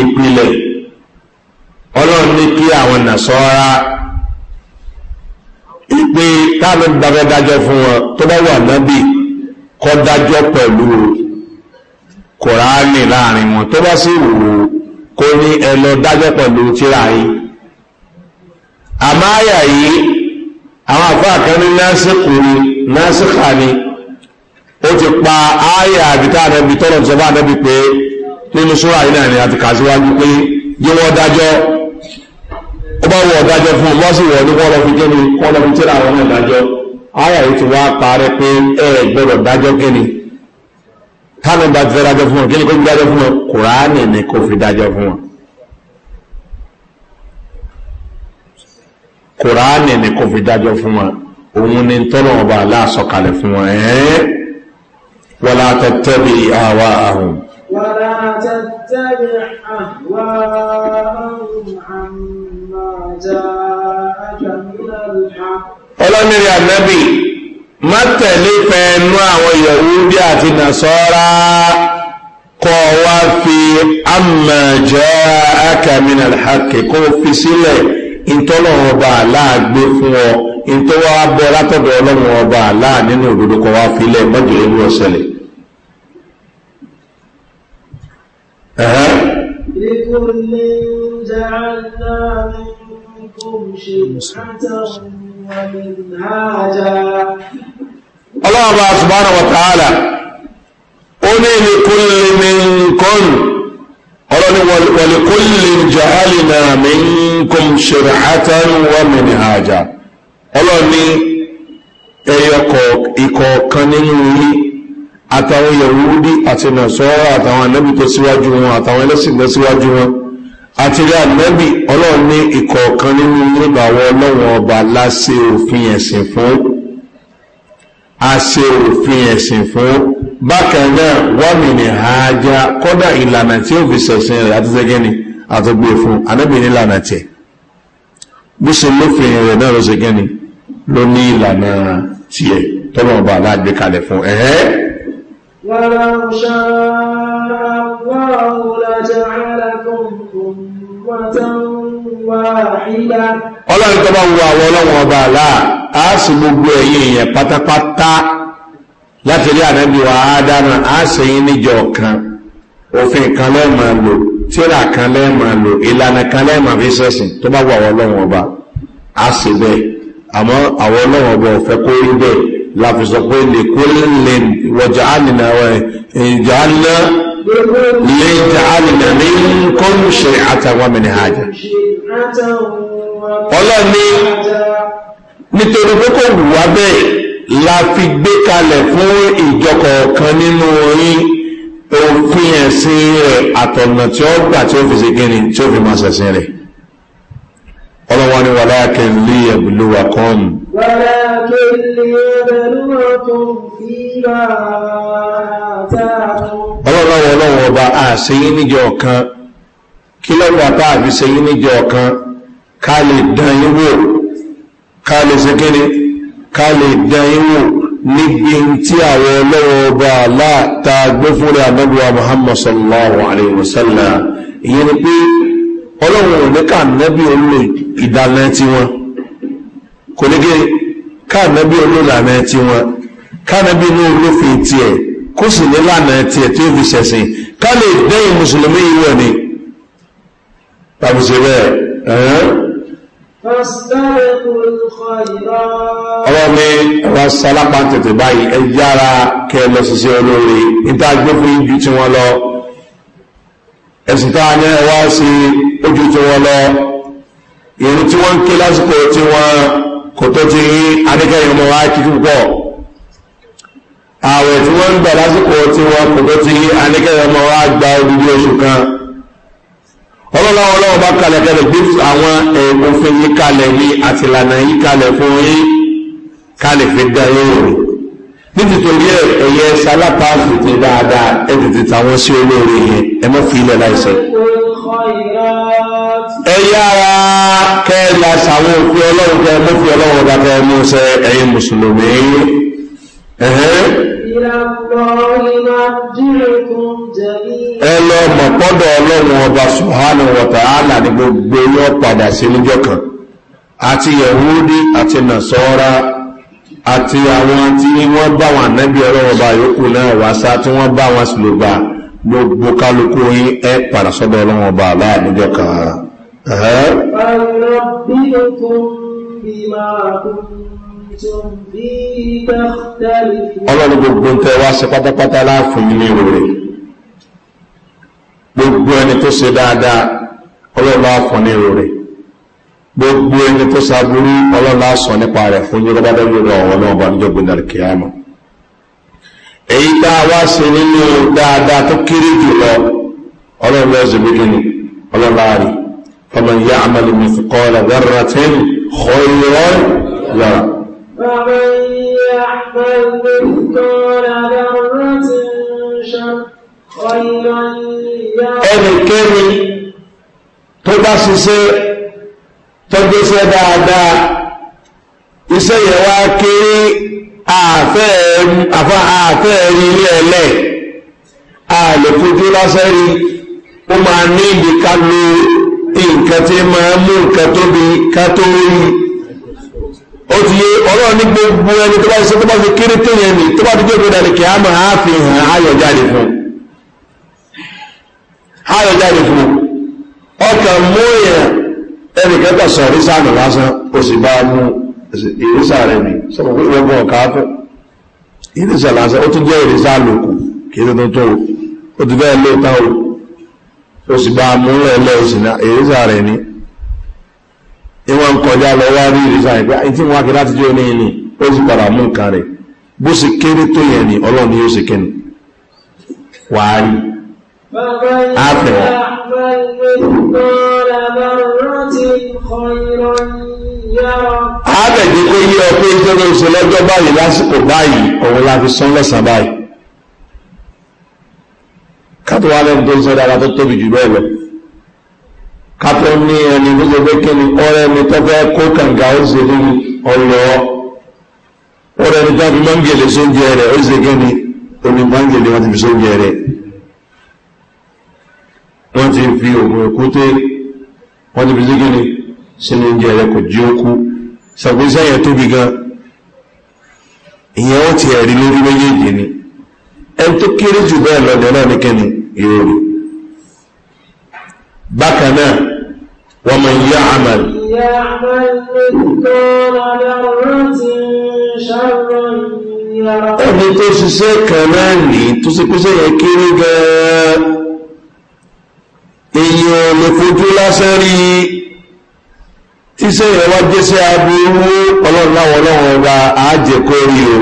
ìpìlẹ̀ ọlọ́run ní kí àwọn nàṣọ́ra ìpè táàmì gbàgbẹ́ dájọ́ fún wọn tó bá wà nábì kọ́ dájọ́ pẹ̀lú kòránì láàrin wọn tó bá sì wù ú kó ní ẹ lọ dájọ́ pẹ̀lú tíra yìí àmáyà yìí àwọn àfáà kan ní násìkò ni násìkà ni ó ti pa ayé àbítá ànábi tọ́lọ̀ tó bá ànábi pé nínú súra yìí náà ni àti kàṣíwájú pé yí wọ́n dájọ́ ó bá wọ ọ̀dájọ́ fún un lọ́sì wọ̀ ní wọ́n lọ fi jẹ́ni wọ́n lọ fi tẹ́lẹ̀ àwọn náà dájọ́ ayé yìí ti wá parẹ́ pé ẹ gbọ́dọ̀ dájọ́ kíni táwọn bá ti fẹ́ dájọ́ fún wọn kíni kó fi dájọ́ fún wọn kùránì ni kó fi dájọ́ fún wọn. kùránì ni kó fi dájọ́ fún wọn òun ni tọ́lọ̀ ọba aláàsọ̀kalẹ̀ fún wọn ẹ̀ẹ́. ولا تتبع اهواءهم ولا تتبع اهواءهم عما جاءك من الحق ọlọ́ni rẹ̀ ànábì má tẹ̀lé fẹ́ẹ̀nú àwọn yahudi àti nasọ́ra kọ́ wá fi amma ja'aka min fi sílẹ̀ ìtọ́lọ́wọ́ bá láàgbé fún ọ ntọ́ wa bọ́ látọ̀dọ̀ ọlọ́run ọba àlá nínú òdodo kan wá filẹ̀ mọ́jọ́ ewu ọ̀sẹ̀lẹ̀. ọlọ́run ọba subhanahu wa ta'ala ó ní ní kúlẹ̀ mi nǹkan ọlọ́ni wọ̀lẹ̀kúlẹ̀ jẹ́ àlìnà mi nǹkan ṣe wọ́n mi ní àjà ọlọ́ni ẹyọ ìkọ̀ọ̀kan nínú yí àtàwọn yahudi àti nàṣọ́rọ̀ àtàwọn anábì tó síwájú wọn àtàwọn ẹlẹ́sìn tó síwájú wọn àti rí anábì ọlọ́ni ìkọ̀ọ̀kan nínú nígbà wọn ọlọ́wọ́n ọba láṣẹ òfin ẹ̀sìn fún àṣẹ òfin ẹ̀sìn fún bákan náà wàmì ní àájá kọ́dà ìlànà tí ó fi ṣẹ̀sìn rẹ̀ àti sẹ́gẹ́ni àtọ́gbé e fún anábì ní ìlànà tiẹ̀ bó ṣe lófin rẹ̀ náà ló ṣe gẹ́ni ló ní ìlànà tiẹ̀ tọ́lọ̀ ọba aláàgbé kalẹ̀ fún ẹ̀ẹ́ ọlọ́run tó bá wo àwọn ọlọ́run ọba àláà á sì gbogbo ẹ̀yìn èèyàn pátápátá láti rí ànábì wa ádámà á sì yín níjọ kan òfin kan lẹ́ẹ̀mọ̀ lò tíra kan lẹ́ẹ̀mà lò ìlànà kan lẹ́ẹ̀mà fi sẹ́sìn tó bá wà wọ́n lọ́wọ́ ọba á sì bẹ́ẹ̀ àmọ́ àwọn ọlọ́wọ́ ọba ọ̀fẹ́ kó rí bẹ́ẹ̀ la fi sọ pé lè kó lè wọjà àlìna ìjà àlìna lè jà àlìna ní kó ń ṣe àtàwọn mìíràn àjà ọlọ́ni nítorí pé kò wù wá bẹ́ẹ̀ la fi gbé kalẹ̀ fún ìjọ kọ̀ọ̀kan nínú orin òfin ẹ̀sìn rẹ̀ àtọ̀nà tí ó gbà tí ó fi ṣe kíni tí ó fi máa ṣẹ̀sìn rẹ̀ ọlọ́wọ́ ni wàlá kẹ́lí ẹ̀bùlúwà kan. wàlá kẹ́lí ẹ̀bùlúwà kan fi rà ọlọ́wọ́ ọlọ́wọ́ ọba àṣeyín níjọ kan kí lọ́wọ́ apá àfi ṣeyín níjọ kan ká lè dán yín wò ká lè ṣe kíni ká lè dán yín wò níbi tí àwọn ọlọ́wọ́ ọba aláta gbé fúnra anábíwá muhammad sallallahu alayhi wa sallam ìyẹn ni pé ọlọ́wọ́ ò ní ká nábí olú ìdáná tí wọn kò ní gé ká nábí olú ìlànà tí wọn ká nábí inú olófin tiẹ̀ kó sì ní lànà tiẹ̀ tí ó fi ṣẹ̀sìn ká lè dẹ́yìn mùsùlùmí ìwọ̀ ni tàbí ṣe bẹ́ẹ̀ ẹ̀hán ọwọ́ mi ẹ̀wà sálápá tètè báyìí ẹ yára kẹ lọ ṣiṣẹ́ olóore níta gbé fún ibi tí wọ́n lọ ẹ̀sìn tá a ní ẹwà sí ojú tí wọ́n lọ ìrìn tí wọ́n ké lásìkò tí wọ́n kò tó ti rí adékẹ́yìn ọmọ wa kí púpọ̀ ààwẹ̀ tí wọ́n ń gbà lásìkò tí wọ́n kò tó ti rí adékẹ́yìn ọmọ wa gba odidi oṣù kan ọlọ́láwọ́ ọlọ́wọ́ bá kalẹ̀ kẹ́lẹ̀ gbé àwọn òfin yìí kalẹ̀ ní àtìlànà yìí kalẹ̀ fún yín kalẹ̀ fi dá yín rò ní tìtorí ẹ ẹ̀yẹ sálápá fìtì dáadáa ẹ tètè tàwọn sí olóore yẹn ẹ mọ́ fi ilẹ̀ láìsẹ̀. ẹ yára kẹ́ẹ̀lá sàwọn òfin ọlọ́run kẹ́ẹ̀ fi ọlọ́run ọba kẹ́ẹ̀ mú ẹ̀yin mùsùlùmí ẹ lọ mọ̀ pọ́dọ̀ ọlọ́run ọba ṣùhánù wọ̀tà áàlà ní gbogbo yóò padà sí níjọ́ kan àti yahudi àti nasọ́ra àti àwọn tí wọ́n bá wọn ànábì ọlọ́run ọba yòókù náà wá sá tí wọ́n bá wọn sì lò gbogbo kálukú yín ẹ padà sọ́dọ̀ ọlọ́run ọba aláà níjọ́ kan. Ẹ̀hẹ́ ọlọ́run gbogbo ń tẹ́ wá sí pátápátá láàfin ilé rẹ̀ gbogbo ẹni tó ṣe dáadáa ọlọ́run láàfin ní rẹ̀ gbogbo ẹni tó ṣàbúrú ọlọ́run láàsọ nípa rẹ̀ fún yín rọ́bá lórí ọ̀rọ̀ ọlọ́run ọba níjọ́ gbé èyí tá a wá sí nínú dáadáa tó kéré jùlọ ọlọ́run lọ́sẹ̀ bí kíni ọlọ́run láàrin فمن يعمل مثقال ذرة خيرا يرى ومن يعمل مثقال ذرة شرا ẹnikẹ́ni tó bá ṣiṣẹ́ tọ́jọ́sẹ́ dáadáa iṣẹ́ yẹn wá kéré àfẹ́ rí ilé ẹlẹ́ àlèkójú lásán rí ó máa ní ìdíkà nǹkan tí máa mú nǹkan tóbi ká tó rí ó ti ye ọlọ́run ní gbogbo ẹni tó bá ṣe tó bá ṣe kéré tó yẹn ni tó bá dúdú ìgbéda ni kì á mọ̀ á fi hàn ayọ̀ jáde fún ayọ̀ jáde fún ọkàn mú èèyàn ẹnìkan kan sọ ìrísà nù lásán ó sì bá mú ìrísà rẹ̀ mi sọ̀rọ̀ pé wọ́n gbọ́n ká fún ìrísà lásán ó tún jẹ́ ìrísà lòkù kì í tó o ó ti bẹ́ẹ̀ lóòótọ́ o ó sì bá mú ẹlẹ́ọ̀sìn náà ìrísà rẹ̀ ni ìwọ̀n kọjá lọ wá rí resign pé àyíntí wọn kì láti jẹ́ oníyìn ni ó sì padà mú nǹkan rẹ̀ bó ṣe kéré tó yẹn ni ọlọ́run ni ó ṣe kẹ́nu wàá rí àfẹ́wọ̀n. àbẹ̀dé pé yí ọ pé jẹ́ lọ́jọ́ báyìí lásìkò báyìí òun la fi sán lẹ́sàn-án báyìí. ká tó lẹ́nu tó ń sọ dára tó tóbi jù bẹ́ẹ̀ lọ kátó ní ẹni tó ṣe pé kí ni ọ̀rẹ́ ẹni tó fẹ́ kó kàǹgà ó ṣe ní ọlọ ọ̀rẹ́ ẹni tó fi mángèlè sóúnjẹ rẹ̀ ó ṣe kí ni omi mángèlè wọn ti fi sóúnjẹ rẹ̀ wọ́n ti fi ògùn èkúté wọ́n ti fi sí kí ni sínú oúnjẹ rẹ̀ kò jí ó kú ṣàgbéṣẹ́ tóbi gan ìyẹn ó ti ẹ̀rí lórí méjèèjì ni ẹni tó kéré jù bẹ́ẹ̀ lọ́dẹ̀ náà ní kí ni ìròyìn bákan náà wọ́n mọ̀ yá àmàl. ẹni tó ṣiṣẹ́ kan náà ní tó ṣe pé ṣẹ́yẹ kéré gan-an èèyàn lè fojú lásán rí tíṣẹ́ yẹn wá jẹ́sẹ́ aburú ọlọ́run láwọn ọlọ́run ọba àájẹkórí o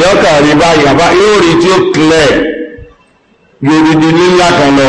yọ́kà rí báyìí àbá yóò rí tí ó kílẹ̀ yorùdí nílá kan lọ.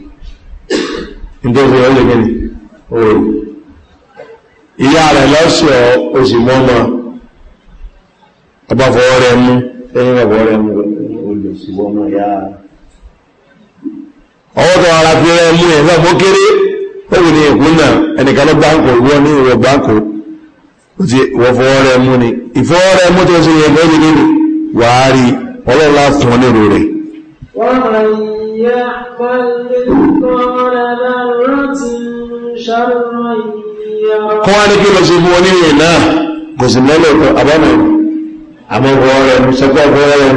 nítorí ó lè gẹ́ni oòrùn ìyá rẹ̀ lọ́sọ̀ oṣù mọ́mọ́ ọba fọwọ́ rẹ̀ mú ẹni ọ̀bọ̀ rẹ̀ mú olùsùgbọ́mọ́ ya ọwọ́ tó ara fi rẹ̀ mú ẹ̀ lọ́gbọ́ kéré ó wù ní ìpín náà ẹnìkan ló gbáǹkò wọ́n ní ìwọ̀ gbáǹkò ó ti wọ́ fọwọ́ rẹ̀ mú ni ìfọwọ́ rẹ̀ mú tó ṣe yẹ gbẹ́ni nínú wàá rí ọlọ́lá fún ọ nírò rẹ̀ wọ́n kọ́ wá ní kí lọ sí fún wọn níyìn náà kò sì mẹ́lẹ̀ ọ̀pọ̀ àbámọ̀ àmọ́ fọwọ́ rẹ̀ mú sọ́kọ́ fọwọ́ rẹ̀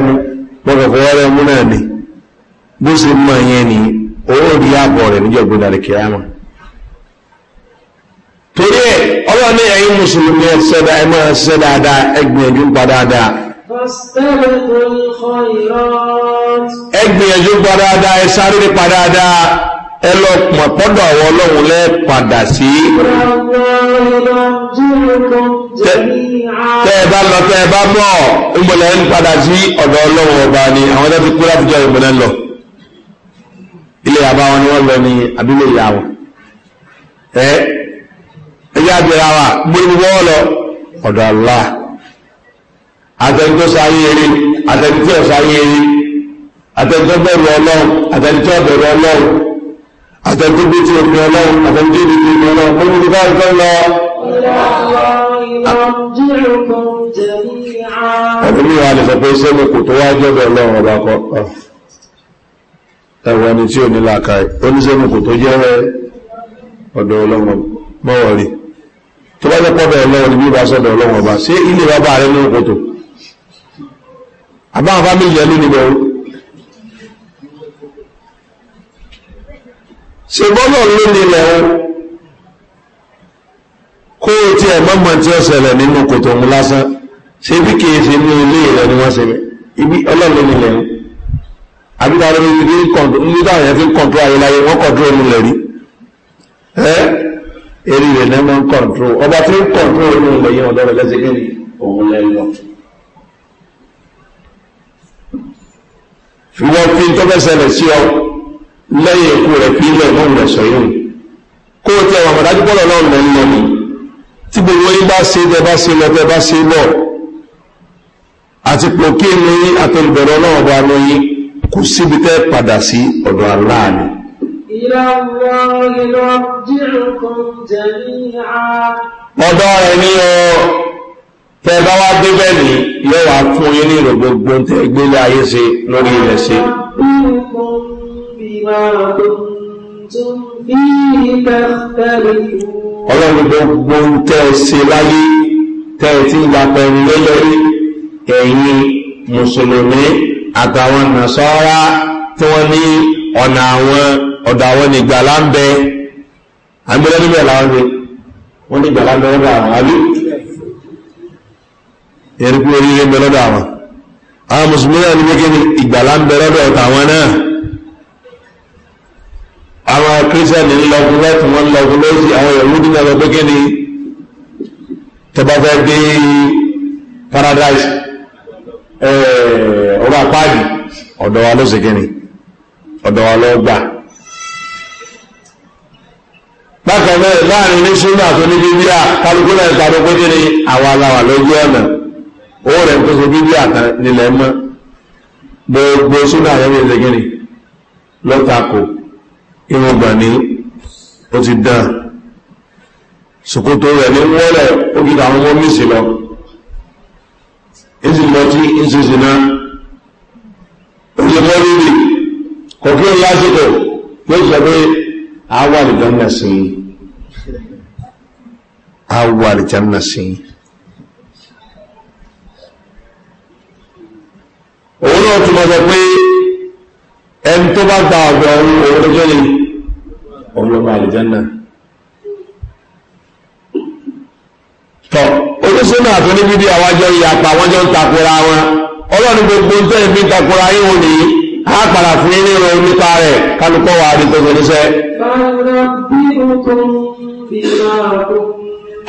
mú mọ́kọ̀ ni ẹ gbìyànjú padàdà ẹ sáré ní padàdà ẹ lọ pọ̀ pọ́dọ̀ àwọn ọlọ́run lẹ́ padà sí. tẹ́ ẹ bá lọ tẹ́ ẹ bá bọ̀ ìmọ̀lẹ́ ń padà sí ọ̀dọ̀ ọlọ́run ọba ni àwọn tó ti kú láti jọ ìmọ̀lẹ́ lọ ilé àbá wọn ni wọ́n lọ ní abílẹ̀ ìyá wọn ẹ ẹ yá àgbẹ̀rẹ̀ wa gbogbo wọn lọ ọ̀dọ̀ Allah àtẹnudọ́ sáyé eré àtẹnudọ́ sáyé eré àtẹnudọ́ bẹ̀rù ọlọ́run àtẹnudọ́ bẹ̀rù ọlọ́run àtẹnudọ́ bí ti omi ọlọ́run àtẹnudọ́ bí ti omi ọlọ́run mo ní bí báyìí fẹ́ lọ. ọ̀dún mi wà ní sọ pé sẹ́mi kò tó wá jọ́bẹ̀ ọlọ́run ọba kọ̀ọ̀kan ẹ̀wọ̀n ni tí ò ní làákàyè oníṣẹ́mi kò tó jẹ́ ọ̀dọ̀ ọlọ́run mọ́wọ́ rí tó bá jẹ́ pọ́bẹ̀ ọlọ́run ní bí ìbáṣọ́dọ̀ ọlọ́run ọba ṣé ilé bàbá rẹ ní òkòtò àbáwọn fámìlì yẹn ló ní bẹ̀rù ṣègbọ́nà ló ní ilẹ̀ o kó o ti ẹ̀ mọ́mọ́ tí ó ṣẹlẹ̀ nínú kòtò òun lásán ṣe bí kìí ṣe ní ilé ilẹ̀ ni wọ́n ṣe bẹ̀ ibi ọlọ́run ló ní ilẹ̀ o àbí táwọn ẹni fi ń kọ̀ǹtò ní táwọn ẹni fi ń kọ̀ǹtò ayé láyé wọ́n kọ̀ǹtò ẹnu lẹ̀ rí ẹ́ eré rẹ̀ náà máa ń kọ̀ǹtò ọba tí ń kọ̀ǹtò ìwọ fi tọ́fẹ́sẹ̀lẹ̀ sí ọ lẹ́yìn ikú rẹ̀ fi ilẹ̀ ìmọ̀ rẹ̀ sọ̀yún kó o tẹ àwọn àdájú bọ́lọ̀ náà lọ nínú mi tí gbogbo yín bá ṣe tẹ bá ṣe lọ tẹ bá ṣe lọ àti pò kí ni àtẹnubẹ̀rẹ̀ náà bá lọ yín kò síbi tẹ́ padà sí ọ̀dọ̀ aláàánú. ìlà wọ́n ìlọ jíròkùn jẹ̀míà. ọ̀dọ́ rẹ̀ ní ọ tẹ́ bá wá dé bẹ́ẹ̀ni yóò wá fún yín ní ìrògbò gbọ́n tẹ́ gbélé ayé ṣe lórí ilẹ̀ ṣe ọlọ́run gbogbo ń tẹ́ ṣe láyé tẹ́ tí ń yàpẹ̀ lélẹ́rí ẹ̀yin mùsùlùmí àtàwọn nàṣọ́ra tí wọ́n ní ọ̀nà àwọn ọ̀dọ̀ àwọn nìgbàlá ń bẹ àgbẹ̀lẹ́ níbẹ̀ làwọn ni wọ́n nìgbàlá ń bẹ wọ́n bá àwọn àlú ẹ̀rùkú oríire bẹ lọ́dọ̀ àwọn àwọn mùsùlùmí náà ní méjì ní ìgbàlá ń bẹ lọ́dọ̀ tàwọn náà àwọn kírísítẹ́nì ń lọ́gbọ́n lọ́tún wọn lọ́gbọ́n àwọn pé kí ni tọba dé paradise ọba páàdì ọ̀dọ̀ wa ló sì ni ọ̀dọ̀ wa ló gbà bákan náà láàrin ní súnmọ́ kálukú náà ni owó rẹ̀ tó ṣe bíbí àtàn nílẹ̀ mọ́ gbogbo súnà àyẹ̀wò ìṣègìrì lọ́tàkù irun gbà ní ó ti dán ṣòkòtò rẹ̀ ní wọ́lẹ̀ ó fi àwọn ọmọ mísì lọ ìsìn lọ sí ìṣinṣin náà ó rírì kò kí ó yóò sọ pé àwa àlìjánná sí i àwa àlìjánná sí i òun náà túnmọ̀ sọ pé ẹni tó bá gba onye ọ̀run òun tó jẹ́ ni òun lọ́mọ àlìjánà tọ́ oníṣẹ́nà àti oníbíbí àwájọ ìyàpá wọ́n jọ ń takora wọn ọlọ́ni gbogbo ń tẹ́lẹ̀ bí takora yìí wò nìyí á padà fún yín nínú nípa rẹ̀ kálukọ́ wa àdìgbòsẹ̀ níṣẹ́. báwo la bí o máa kó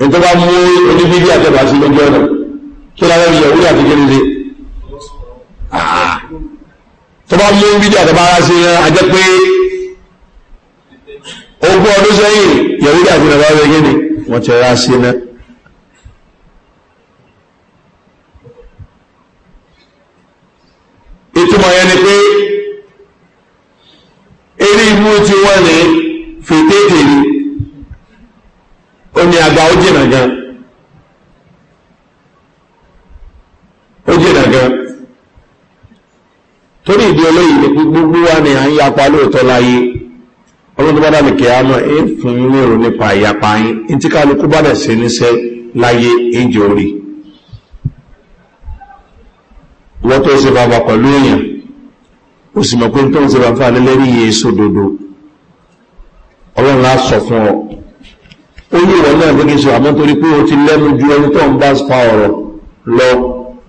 nítorí bá mú oníbíbí àtẹ̀bà sí lójú ọ̀nà kí lára ìyẹ̀ orí àti kí nílé ah. tó bá mú bíbí àtẹ̀bà ara sí ajẹ́ pé ogún ọdún sẹ́yìn yẹ̀wúrí àti bàbá rẹ̀ kí ni wọ́n ti rà sí náà ìtumọ̀ yẹn ni pé eré imú ti wọ́n ní wa ó jìnà gan ó jìnà gan torí ìdí olóyìn ni gbogbo wa ni à ń yapa lóòótọ́ láyé ọlọ́run tó bá dà ní kìámọ̀ ẹ fún yín lérò nípa ìyapa yín ní tí kálukú bá dẹ̀ sí níṣẹ́ láyé ẹ̀jẹ̀ orí wọ́n tó ṣe bàbá pẹ̀lú èèyàn ó sì mọ̀ pé tó ń ṣe bàbá lẹ́lẹ́rí yìí sódodo ọlọ́run á sọ fún ọ ó ní ìwọ̀n náà gbégé sọ àmọ́ torí pé o ti lẹ́nu ju ẹni tó ń bá pa ọ̀rọ̀ lọ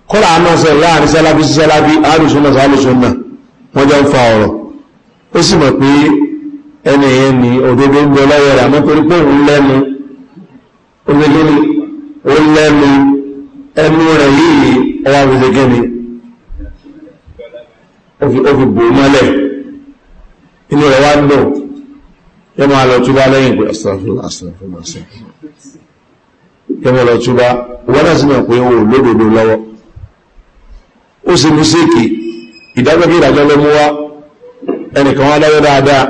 kọ́lá àmọ́ sọ láàrin sálábí sí sálábí àrùsùnà sálùsùnà wọ́n jọ ń fa ọ̀rọ̀ ó sì mọ̀ pé ẹni ẹ̀yẹn ni òdodo ń bẹ lọ́wọ́ rẹ̀ àmọ́ torí pé òun lẹ́nu onígbéni ó lẹ́nu ẹnu rẹ̀ yìí ọwá fi ṣe ni ó fi bò mọ́lẹ̀ inú rẹ̀ wá ń dùn yẹ máa lọ túbá lẹ́yìn pé astagfirullah astagfirullah astagfirullah yẹ máa lọ túbá wọ́n náà sì mọ̀ pé o lódodo lọ́wọ́ ó sì mú séèkì ìdájọ́ kí ìdájọ́ ló mú wá ẹnìkan wá dáwọ́ dáadáa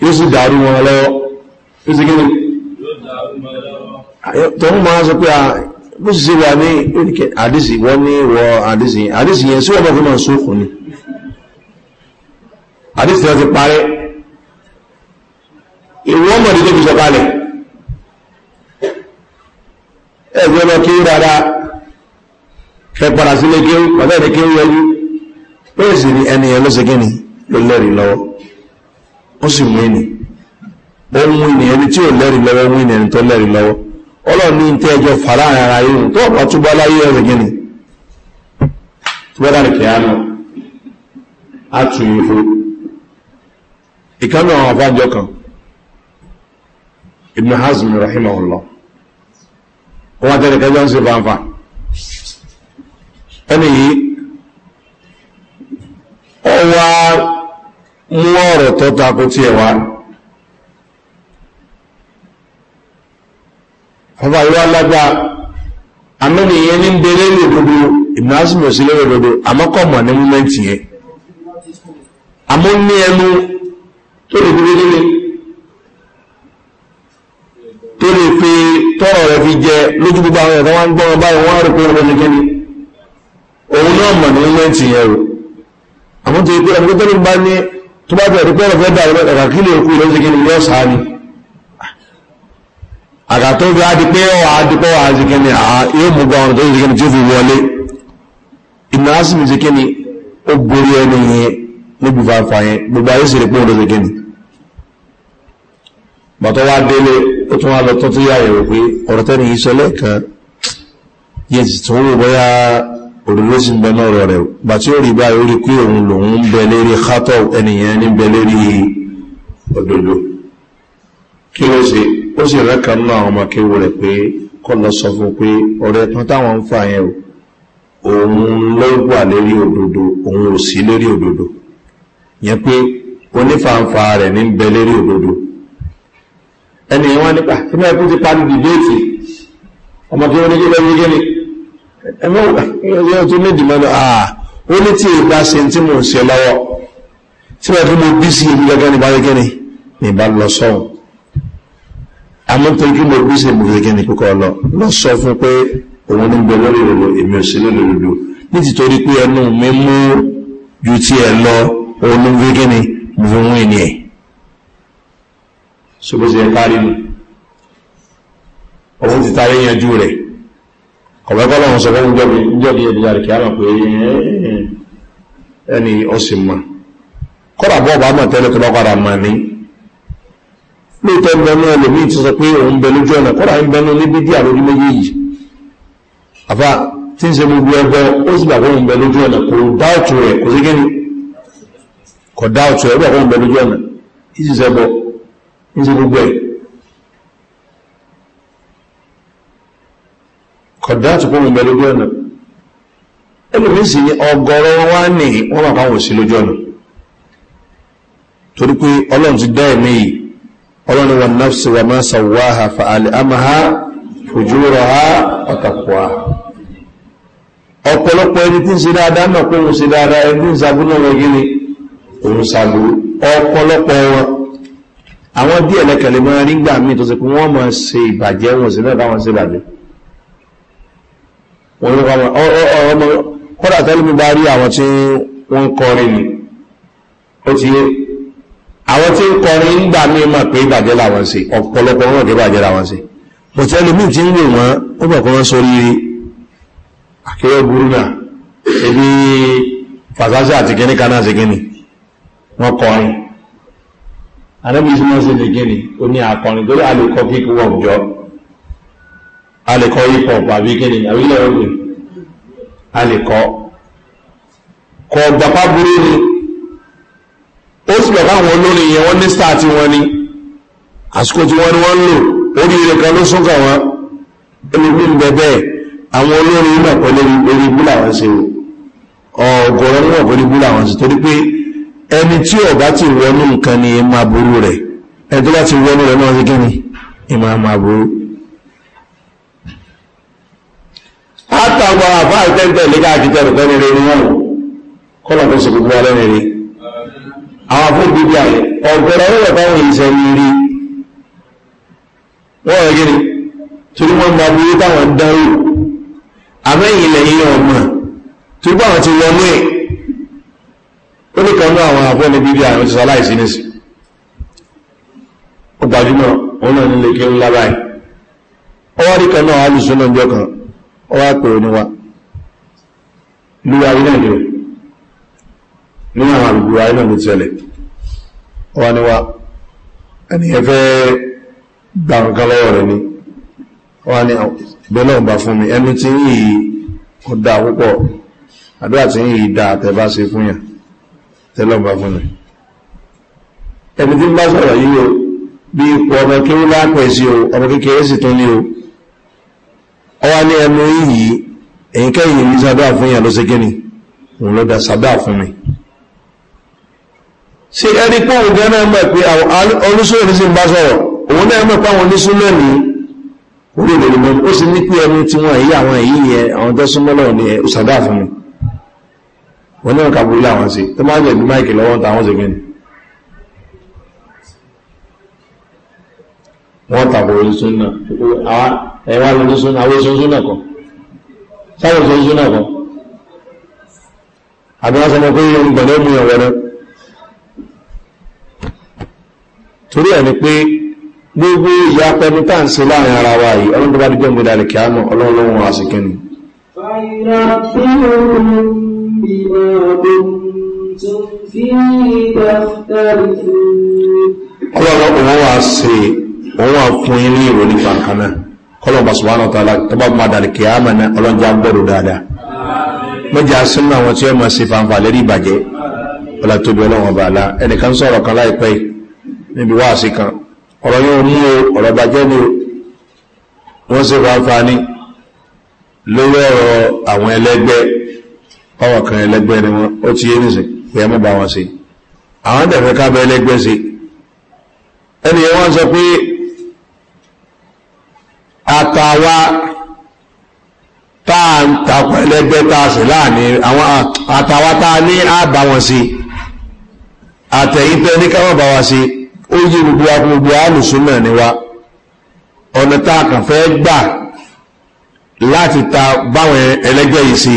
yóò sì dàrú wọn lọ́wọ́ yóò sì kíni tọ́mú máa sọ pé ah, bó sì ṣe wà ní àdìsí wọ́n ní ìwọ mọ̀dé tó fi sọ̀kalẹ̀ ẹgbẹ́ lọ kí ó dáadáa fẹ́ padà sílé kí ó bàbá ẹ̀dẹ́ kí yẹjú bẹ́ẹ̀ sì ni ẹni ẹ̀ lọ́sẹ̀ kíni ló lẹ́rìí lọ́wọ́ ó sì mú ẹni ó mú ẹni ẹni tí ò lẹ́rìí lọ́wọ́ mú ẹni ẹni tó lẹ́rìí lọ́wọ́ ọlọ́ọ̀ni tẹ́ ẹjọ́ fàrà ara yìí tó ọ̀pọ̀ túbọ̀ láyé ẹ̀rẹ̀ kíni tó kìí àná á fún ìkànnì àwọn àfáàjọ kan ibn hazmi rahimahullah ó wá tẹ́lẹ̀ kẹjọ ń se fanfa ẹni yìí ó wá mú ọ̀rọ̀ tó takò tí ẹ wá fanfa yóò alágbá amẹ́ni yẹn ní bẹ̀rẹ̀ lòdòdó ibn hazmi ò sí lẹ́rẹ̀ lòdòdó àmọ́kọ̀mọ̀ ní múmẹ́ntì yẹn àmọ́ ẹnu tó lè dúró nílé tó lè fi tọ́rọ̀ rẹ̀ fi jẹ lójú gbogbo àwọn ẹ̀kọ́ wọn gbọ́n báyìí wọ́n rí pé ó ní kíni òun náà mọ̀ ní mẹ́ǹtì yẹn rò àmọ́ tó yẹ pé ẹni tó tẹ́lẹ̀ bá ní tó bá tẹ̀lé pé ọ̀rọ̀ fẹ́ dà rẹ̀ ẹ̀kà kí lè kú ló ń ṣe kíni yóò sáà ni àgà tó fi adi pé ọ̀ adi pé ọ̀ ni? kíni yóò mú gbọ́n tó ń ṣe kíni fi wọlé ìmọ̀ á sì mi ṣe kíni ó borí ẹni yẹn níbi fàáfàá yẹn gbogbo ayé sì rí pé ó ń ṣe bàtọ́ wá délé ó tún wá lọ tó tó yàyẹ̀wò pé ọ̀rọ̀ tẹ́ni iṣẹ́ lẹ́ẹ̀kan yẹ sì tún wò bóyá òdòdó sì ń bẹ náà rẹ̀ gbà tí ó rí báyìí ó rí pé òun lòun ń bẹ lérí kátọ̀ ẹnìyẹn ní bẹ lérí òdòdó kí ló ṣe ó sì rẹ́kàn náà àwọn ọmọ kéwò rẹ̀ pé kọ́ lọ sọ fún pé ọ̀rẹ́ tán táwọn ń fà yẹn o òun ló wà lérí òdòdó òun ò sí lérí òdòdó yẹn pé onífàǹfà rẹ̀ ní bẹ lérí òdòdó ẹni wọn nípa tí mẹ́ẹ̀kú ti parí dìbéètì ọmọ tí wọ́n ní kíkẹ́ yíké ni ẹmọ́ ìyẹn tó ní ìdìmọ́ náà àà ó ní tí ìgbà ṣe tí mò ń ṣe lọ́wọ́ tí mẹ́ẹ̀kú mo bí sí ibi gẹ́gẹ́ ní báyé kíni ní ìbá lọ sọ́hùn àmọ́ tó kí mo bí sí ibi gẹ́gẹ́ ní kíkọ́ lọ lọ sọ fún pé òun ní gbẹ lórí òdo èmi ò sí lórí òdo ní títorí pé ẹnu mi mú ju ti ẹ lọ òun ní gẹ́gẹ́ ni mo fi wọ́n ènìyàn ṣogbóṣe ẹ̀ká rínú òun ti tarí yanjú rẹ̀ kọ̀wẹ́kọ́lọ́run sọ fún jọ́bi ẹ̀dìyà rẹ̀ kí á mọ̀ pé ẹni ọ̀sìn mọ̀ kọ́dà bọ́ ọ̀bá mọ̀ tẹ́lẹ̀ tó bá padà mọ̀ ní lóòótọ́ ń bẹnu ẹlòmíì ti sọ pé òun bẹ lójú ọ̀nà kọ́dà ń bẹnu ní bídí àlórí méjèèjì àfà tí ń ṣe gbogbo ní sí gbogbo ẹ̀ kọ̀dá àtùkọ́ mọ̀ lójú ọ̀nà ẹlòmísì ni ọgọ́rọ̀ wá ní wọ́n máa fáwọn òsì lójú ọ̀nà torí pé ọlọ́run ti dá ẹ̀mí yìí ọlọ́run wọn náà sì wà máa sàwáhà fàálẹ̀ àmàhà òjú rọ̀ ha ọ̀tàkùwà ọ̀pọ̀lọpọ̀ ẹni tí ń ṣe dáadáa náà pé òun ṣe dáadáa ẹni tí ń ṣàbúrò náà lọ gíní òun ṣàbúrò ọ̀pọ̀lọpọ̀ wọn àwọn díẹ̀ lẹ́kẹ̀lẹ́ mọ́ nígbà míì tó sì pé wọ́n mọ̀ ṣe ìbàjẹ́ wọn sí náà káwọn ṣe bàjẹ́ wọn ló kọ́ ọmọ kọ́dà tẹ́lẹ̀ mi bá rí àwọn tí wọ́n ń kọrin ni ó ti yé àwọn tí ń kọrin nígbà míì mà pé ìbàjẹ́ làwọn ṣe ọ̀pọ̀lọpọ̀ wọn kì í bàjẹ́ làwọn ṣe bọ̀tẹ́lẹ̀ mi ti ń wò wọ́n ó bọ̀ kọ́ wọ́n sọ rírì akéré burú náà ebi fàṣáṣá àti kíní kaná àti kíní wọ́n kọrin anábì tí wọ́n sì lè gíní ó ní akọrin tó yà lè kọ́ kíkú wọ̀ jọ a lè kọ́ hip hop àbí kíni àbí ilẹ̀ ọ̀gbìn a lè kọ́ kọ́ gbapá burú ni ó sì bẹ̀rẹ̀ àwọn olórin yẹn wọ́n ní star tí wọ́n ní àsìkò tí wọ́n ní wọ́n ń lò oríire kan ló súnkà wọn olùgbé ń bẹ bẹ́ẹ̀ àwọn olórin náà pẹ̀lú orí búlà wọn ṣe náà pẹ̀lú búlà wọn torí pé ẹni tí ọba ti wọnú nǹkan ni máa burú rẹ̀ ẹni tó bá ti wọnú rẹ̀ náà ní kíni ìmọ̀ máa burú. àtàwọn àbá àtẹ́ntẹ́ lẹ́gà àkíntẹ́ rẹ̀ pẹ́ni rẹ̀ níwọ̀n kọ́lọ̀ tó sì gbogbo ọlẹ́ni rẹ̀ àwọn afún gbogbo àyẹ̀ ọ̀gbẹ̀rẹ̀ ọ̀rọ̀ báwọn ìṣẹ́ ní rí wọ́n rẹ̀ kíni torí wọ́n máa burú táwọn dárò àmẹ́yìn ilẹ̀ yìí ọmọ torí báwọn ti wọnú ẹ̀ ó ní kan ní àwọn àbọ̀ níbi bí àwọn ìṣẹ́sọ́ láìsí nísì ó gbajúmọ̀ òun náà nílé kí ńlá báyìí ó wá rí kan náà wá lùsùn náà ó wá pè ní wa lúwa ayé náà ní àwọn ayé náà ló ó wá nǹkan fún mi ẹni tí ń yìí dáa púpọ̀ àdúrà tí ń yìí dáa tẹ́ bá tẹ́lọ́mà fún mi ẹni tí ń bá sọ̀rọ̀ yìí o bí ipò ọmọ kí ó lápẹ̀ sí o ọmọ kékeré sì tún ní o ọwá ní ẹnu yìí èyíkẹ́yìn ní sábà fún ìyàn ló ṣe gíní òun ló dá sábà fún mi sí ẹni pé òun gẹ́nà mọ̀ pé olúṣòwò ní sí ń bá sọ̀rọ̀ òun náà mọ̀ pé àwọn oníṣúná ní orí ìròyìn mọ́ ó sì ní pé ẹnu tí wọ́n èyí àwọn èyí yẹn àwọn tó súnmọ́ lọ́wọ́ ni ó fún mi wọ́n ní ọ̀kà burú láwọn sí tó máa jẹ̀bí máìkì lọ́wọ́ táwọn sí gẹ́ni wọ́n tàbí orí súnà ẹ̀wà lórí súnà àwọn èso súnà kan sáwọn èso súnà kan àbí wọ́n sọ mọ́ pé ń gbọ̀dọ̀ mú ọ̀rọ̀ rẹ torí ẹ̀ ni pé gbogbo ìyá pẹ̀lú tá à ń se láàrin ara wa yìí ọlọ́dún bá dúdú ọmọdé àlèkè àmọ́ ọlọ́run lóhun àsìkẹ́ni. بما كنتم فيه تختلفون ọlọ́run òun wà sí òun wà fún yín ní ìròyìn kankan náà kọlọ́ọ̀bà subhanahu ta'ala tó bá padà kí á mọ̀ náà ọlọ́jà gbọ́dọ̀ dáadáa mọ́jà sínú àwọn tí ó mọ̀ sí fanfà lérí ìbàjẹ́ ọlá tóbi ọlọ́run kan láìpẹ́ níbi wáàsí kan ọ̀rọ̀ yóò mú o ọ̀rọ̀ bàjẹ́ ni wọ́n sì fanfà ní lórí ọ̀rọ̀ ọwọ́ kan ẹlẹgbẹ́ ni wọn ó ti yé nìsẹ̀ ìyẹn mọ́ bá wọn sí àwọn tẹ̀fẹ́ kábẹ́ ẹlẹgbẹ́ sí ẹni yẹn wọ́n sọ pé àtàwa tá ń tapọ̀ ẹlẹgbẹ́ tá a sì láàní àwọn àtàwa tá a ní á bá wọn sí àtẹ̀yìn tẹ́ ní káwọn bá wa sí ó yí gbogbo agbègbè àlùsùn ni wa ọ̀nà tá kàn fẹ́ gbà láti ta báwọn ẹlẹgbẹ́ yìí sí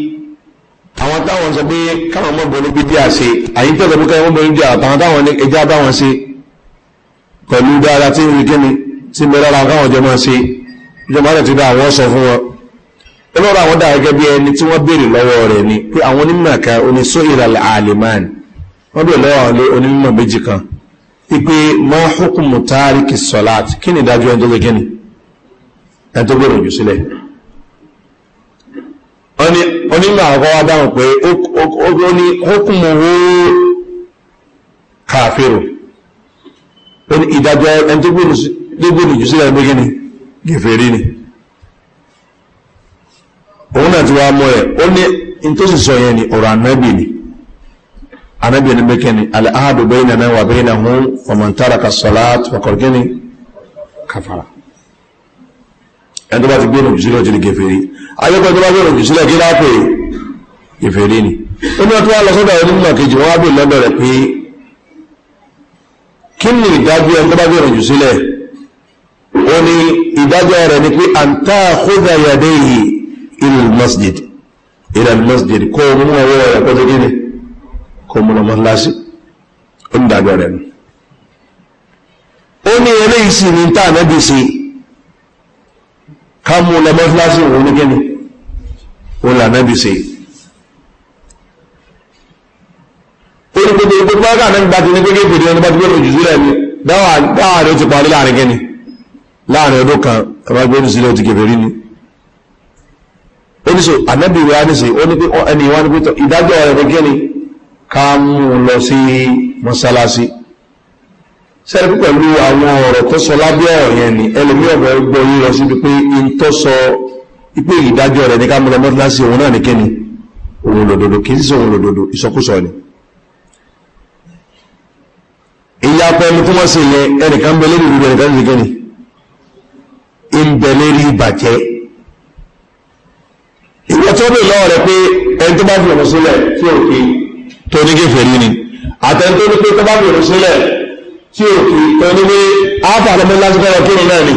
àwọn táwọn sọ pé káwọn mọ́bìnrin bíbí àṣe àyí tẹ́lẹ̀ mú káwọn mọ́bìnrin bíbí àtàwọn táwọn ní ẹjá bá wọn ṣe pẹ̀lú dára tí ń rí kíni tí mẹ́rọ ara káwọn jọ máa ṣe ìjọba rẹ̀ ti dá àwọn sọ fún wọn ẹlọ́rọ̀ àwọn dá gẹ́gẹ́ bí ẹni tí wọ́n béèrè lọ́wọ́ rẹ̀ ni pé àwọn onímọ̀ kan oní sọ ìrànlẹ̀ àlèmán wọ́n béèrè lọ́wọ́ àwọn onímọ̀ méjì kan ipe mọ́ hukumu tárìkì sọ́láàtì kí ni ìdájọ́ ẹni tó gbé kíni ẹni tó gbé òjò sílẹ̀ onye àkọ́kọ́ wá dáhùn pé ó ní hókùnmù owó kàfèrò ó ẹni tó gbóòlù jù sílẹ̀ gbé gíní gẹ̀fẹ̀rí ni òun náà ti wá mọ́ ẹ̀ ó ní in sọ yẹn ni ọ̀rọ̀ ànábì ni ànábì ni bẹ́kẹ́ ni wà náà hún ọmọ ẹni tó bá ti gbé òkú sílẹ̀ ti di kèfèrí ayẹ́kọ́ tó bá gbé òkú sílẹ̀ kí lápè kèfèrí ni ó ní ọtún wá lọ sọ́dọ̀ ẹni mọ̀ kejì wọn wá bí lọ́dọ̀ rẹ̀ pé kí ni ìdájọ́ ẹni tó bá gbé òkú sílẹ̀ ó ní ìdájọ́ rẹ̀ ni pé àǹtá kódà yàdé yìí kó o mú ọwọ́ rẹ̀ kó ká mú lọ mọ́síláṣí òun ní kíni òun là náà bí ṣe orí gbogbo gbogbo ọgá náà gbà tí ní gbogbo ìpèdè ọdún bá ti gbogbo jù sílẹ̀ ni dáwà rẹ̀ ti parí láàrin so ànábì rẹ̀ á ní sí ó ní pé ẹni ìwá ní pé ìdájọ́ rẹ̀ ní kíni ká sẹ́rí pẹ̀lú àwọn ọ̀rọ̀ tó sọ lábẹ́ ọ̀rọ̀ yẹn ni ẹlòmí ọ̀rọ̀ gbọ́ yín lọ síbi pé in tó sọ ipé ìdájọ́ rẹ̀ ní ká múlọ mọ́tíláṣí òun náà ní kíni òun lòdòdó kì í sọ òun lòdòdó ìsọkúsọ ni ìyá pẹ́ni tí wọ́n sì yẹn ẹnìkan bẹ lérí ìrúbẹ̀ nìkan ní kíni ń bẹ lérí ìbàjẹ́ ìwọ tó bè lọ́wọ́ rẹ pé ẹni tó bá fi ọ̀rọ̀ sílẹ̀ tí òkè tó ní kéfèrí ni àtẹni tó ní pé tó bá fi ọ̀rọ̀ sílẹ̀ tí ò fi kan ní pé áfàdọ́mọ́ lásìkò ọ̀rọ̀ kírun náà ni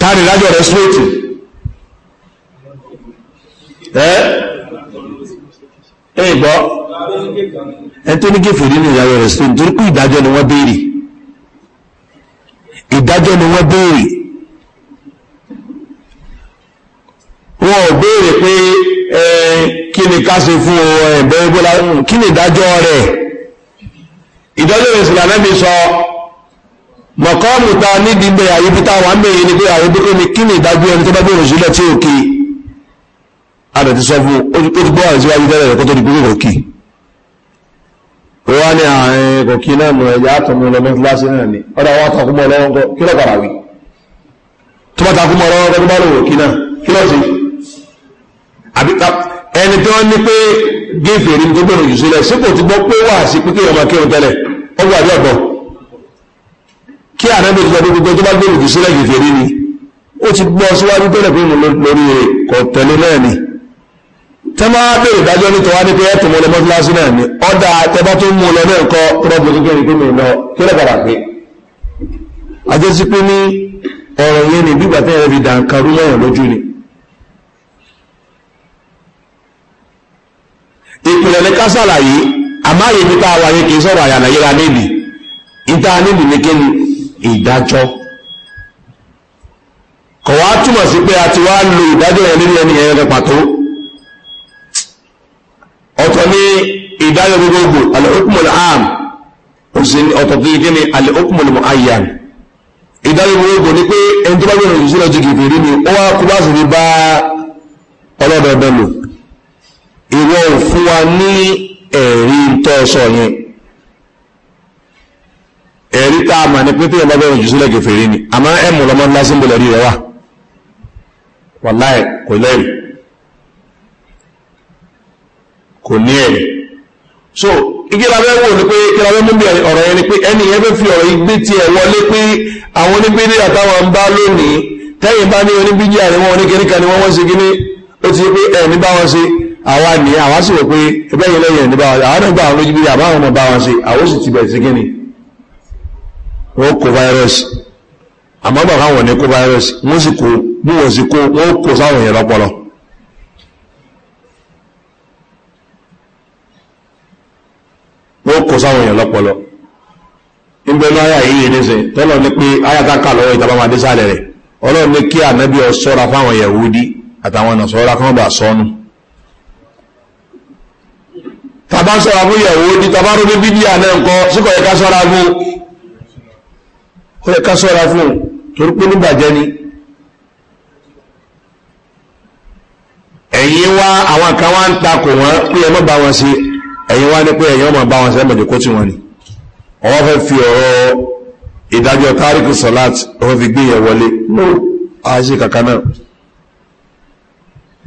tàbí lájọ̀ rẹ̀ síréètì ẹ́ ẹ̀ gbọ́ ẹ tó ní kéfèé nínú ìyàwó rẹ̀ síréètì torí pé ìdájọ́ ni wọ́n béèrè ìdájọ́ ni wọ́n béèrè wọn ò béèrè pé kí ni ká ṣe fún ẹ̀bẹ̀ ìbọ́lá kí ni ìjọ́lẹ̀ èsì lànàbí sọ mọ̀kọ́mù ta nídi ń bẹ àyíbí tá wà ń bẹ yìí ni pé àwọn ìdíkò ni kí ni ìdájú ẹni tó bá bẹ̀rẹ̀ sílẹ̀ tí ò kí adẹ̀ ti sọ fún ó ti gbọ́ àìsí wáyé tẹ́lẹ̀ rẹ̀ kó tó di pé kò kí ó wá ní àárín kò kí náà mọ̀ ẹ̀yà àtọ̀mọ̀ lọ mọ́tíláṣí náà ní pé gé fèrè ní jù sílẹ̀ sípò ti gbọ́ pé wà sí pé kí ọmọ tẹ́lẹ̀ ọgbà àbí ọ̀gbọ̀ kí ànábì ìjọba gbogbo tó bá gbèrò sílẹ̀ kèfèrí ni ó ti gbọ́ síwájú tẹ́lẹ̀ pé mo lórí rẹ̀ kọ̀ tẹ̀lé náà ni tẹ́ máa bèèrè ìdájọ́ ní tọ́wá ní pé ẹ̀tùn mọ́ lọ́mọ́ kíláàsì náà ni ọ̀dà tẹ́bá tó mú lọ náà kọ́ rọ́bù kékeré pé mi lọ kí lẹ́kọ̀ọ́ pé àjẹsí pé ní ọ̀rọ̀ yẹn ni bígbà tẹ́yẹ fi dànkarú lọ́yàn lójú ni ìpìlẹ̀ ní ká ṣàlàyé àmọ́ àyè ibi tá a wà yẹn kì í sọ̀rọ̀ àyànà yíra níbi ìta níbi ní kí ni ìdájọ́ kọ̀ wá túmọ̀ sí pé a ti wá lo ìdájọ́ yẹn nínú ẹni ẹ̀rọ pàtó ọ̀tọ̀ ní ìdájọ́ gbogbogbò al-hukmul aam ọ̀tọ̀ tó yẹ kí ni al-hukmul mu'ayyan ìdájọ́ gbogbogbò ni pé ẹni tó bá gbẹ̀rẹ̀ òṣìṣẹ́ lọ ju kìfìrí ni ó wá kú bá sì ní bá ọlọ́dọọdọ lò ìwọ ò wa ní ẹ̀rí tọ́ sọ yẹn ẹ̀rí tá a mà ní pété ọba bẹ́ẹ̀ jù sílẹ̀ kẹfẹ́rí ni àmọ́ ẹ̀ mú lọ́mọ ńlá sí ìbọ̀lẹ̀ rí rẹ wà wàláì kò lẹ́rìí kò ní ẹ̀rí so ìgbéra bẹ́ẹ̀ wò ni pé ìgbéra bẹ́ẹ̀ mú bí ọ̀rọ̀ yẹn ni pé ẹni yẹn bẹ́ẹ̀ fi ọ̀rọ̀ yìí gbé tiẹ̀ wọlé pé àwọn onígbéni àtàwọn ń bá lónìí tẹ́yìn bá ní oníbíjì àríwọ̀n oníkẹ́ríkà ni wọ́n wọ́n ṣe kíní ó ti yẹ pé ẹ̀ ní bá wọn ṣe àwa ni àwa sì wò pé ẹgbẹ́ yìí lẹ́yìn ní báwọn àwọn náà gbà àwọn lójú bí àbá àwọn ọmọ bá wọn sí àwọn sì ti bẹ̀rẹ̀ sí kíni ó kó fáírọ́ọ̀sì àmọ́ bàbá wọn ní kó fáírọ́ọ̀sì wọ́n sì kó bí wọ́n sì kó wọ́n kó sáwọn èèyàn lọ́pọlọ. wọ́n kó sáwọn èèyàn lọ́pọlọ. nígbà yìí tọ́lọ̀ ní pé kà lọ́wọ́ máa dé sálẹ̀ rẹ̀ ọlọ́run ní kí bá sọ́ra fún yẹ̀wò ní tabaró bí bídíà náà kọ́ síkọ̀ yẹ ká sọ́ra fún ó ká sọ́ra fún torí pé níbàjẹ́ ni ẹ̀yin wá àwọn kan wá ń takò wọ́n pé ẹ mọ́ bá wọn sí ẹ̀yin wá ní pé ẹ̀yin ọmọ bá wọn sí ẹ̀mọ̀dé kó tí wọ́n ni ọwọ́ fẹ́ fi ọ̀rọ̀ ìdájọ́ tárìkì sọ́láàt ọwọ́ fi gbé yẹn wọlé no àṣì kàkà náà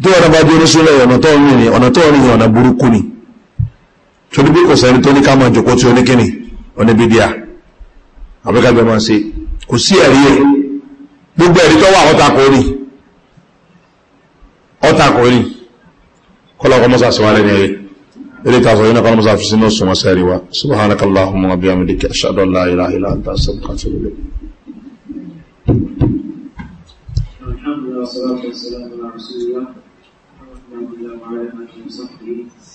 tí ọ̀nà bá dúró sílẹ̀ ọ̀nà tó ń rìn ọ̀nà tó ń rìn ọ̀nà burúkú ni torí bí kò sẹ́ni tó ní ká máa jòkó tí oníkíni oníbídíà àbíkájọ máa ṣe kò sí ẹ̀rí ẹ̀ gbogbo ẹ̀rí tó wà ọ́tàkùnrin ọ́tàkùnrin kọ́lọ́kọ́ mọ́sá sí wà lẹ́ni ẹ̀rí ilé ìtàṣọ yìí náà kọ́lọ́ mọ́sá fi sínú òṣùn ọ̀sẹ̀ rí wa subhanakallahumma abiyamidika ashadọ́lá ilaha illa anta astaghfiruka wa atubu ilayk الحمد لله والصلاة والسلام على رسول الله محمد وعلى آله وصحبه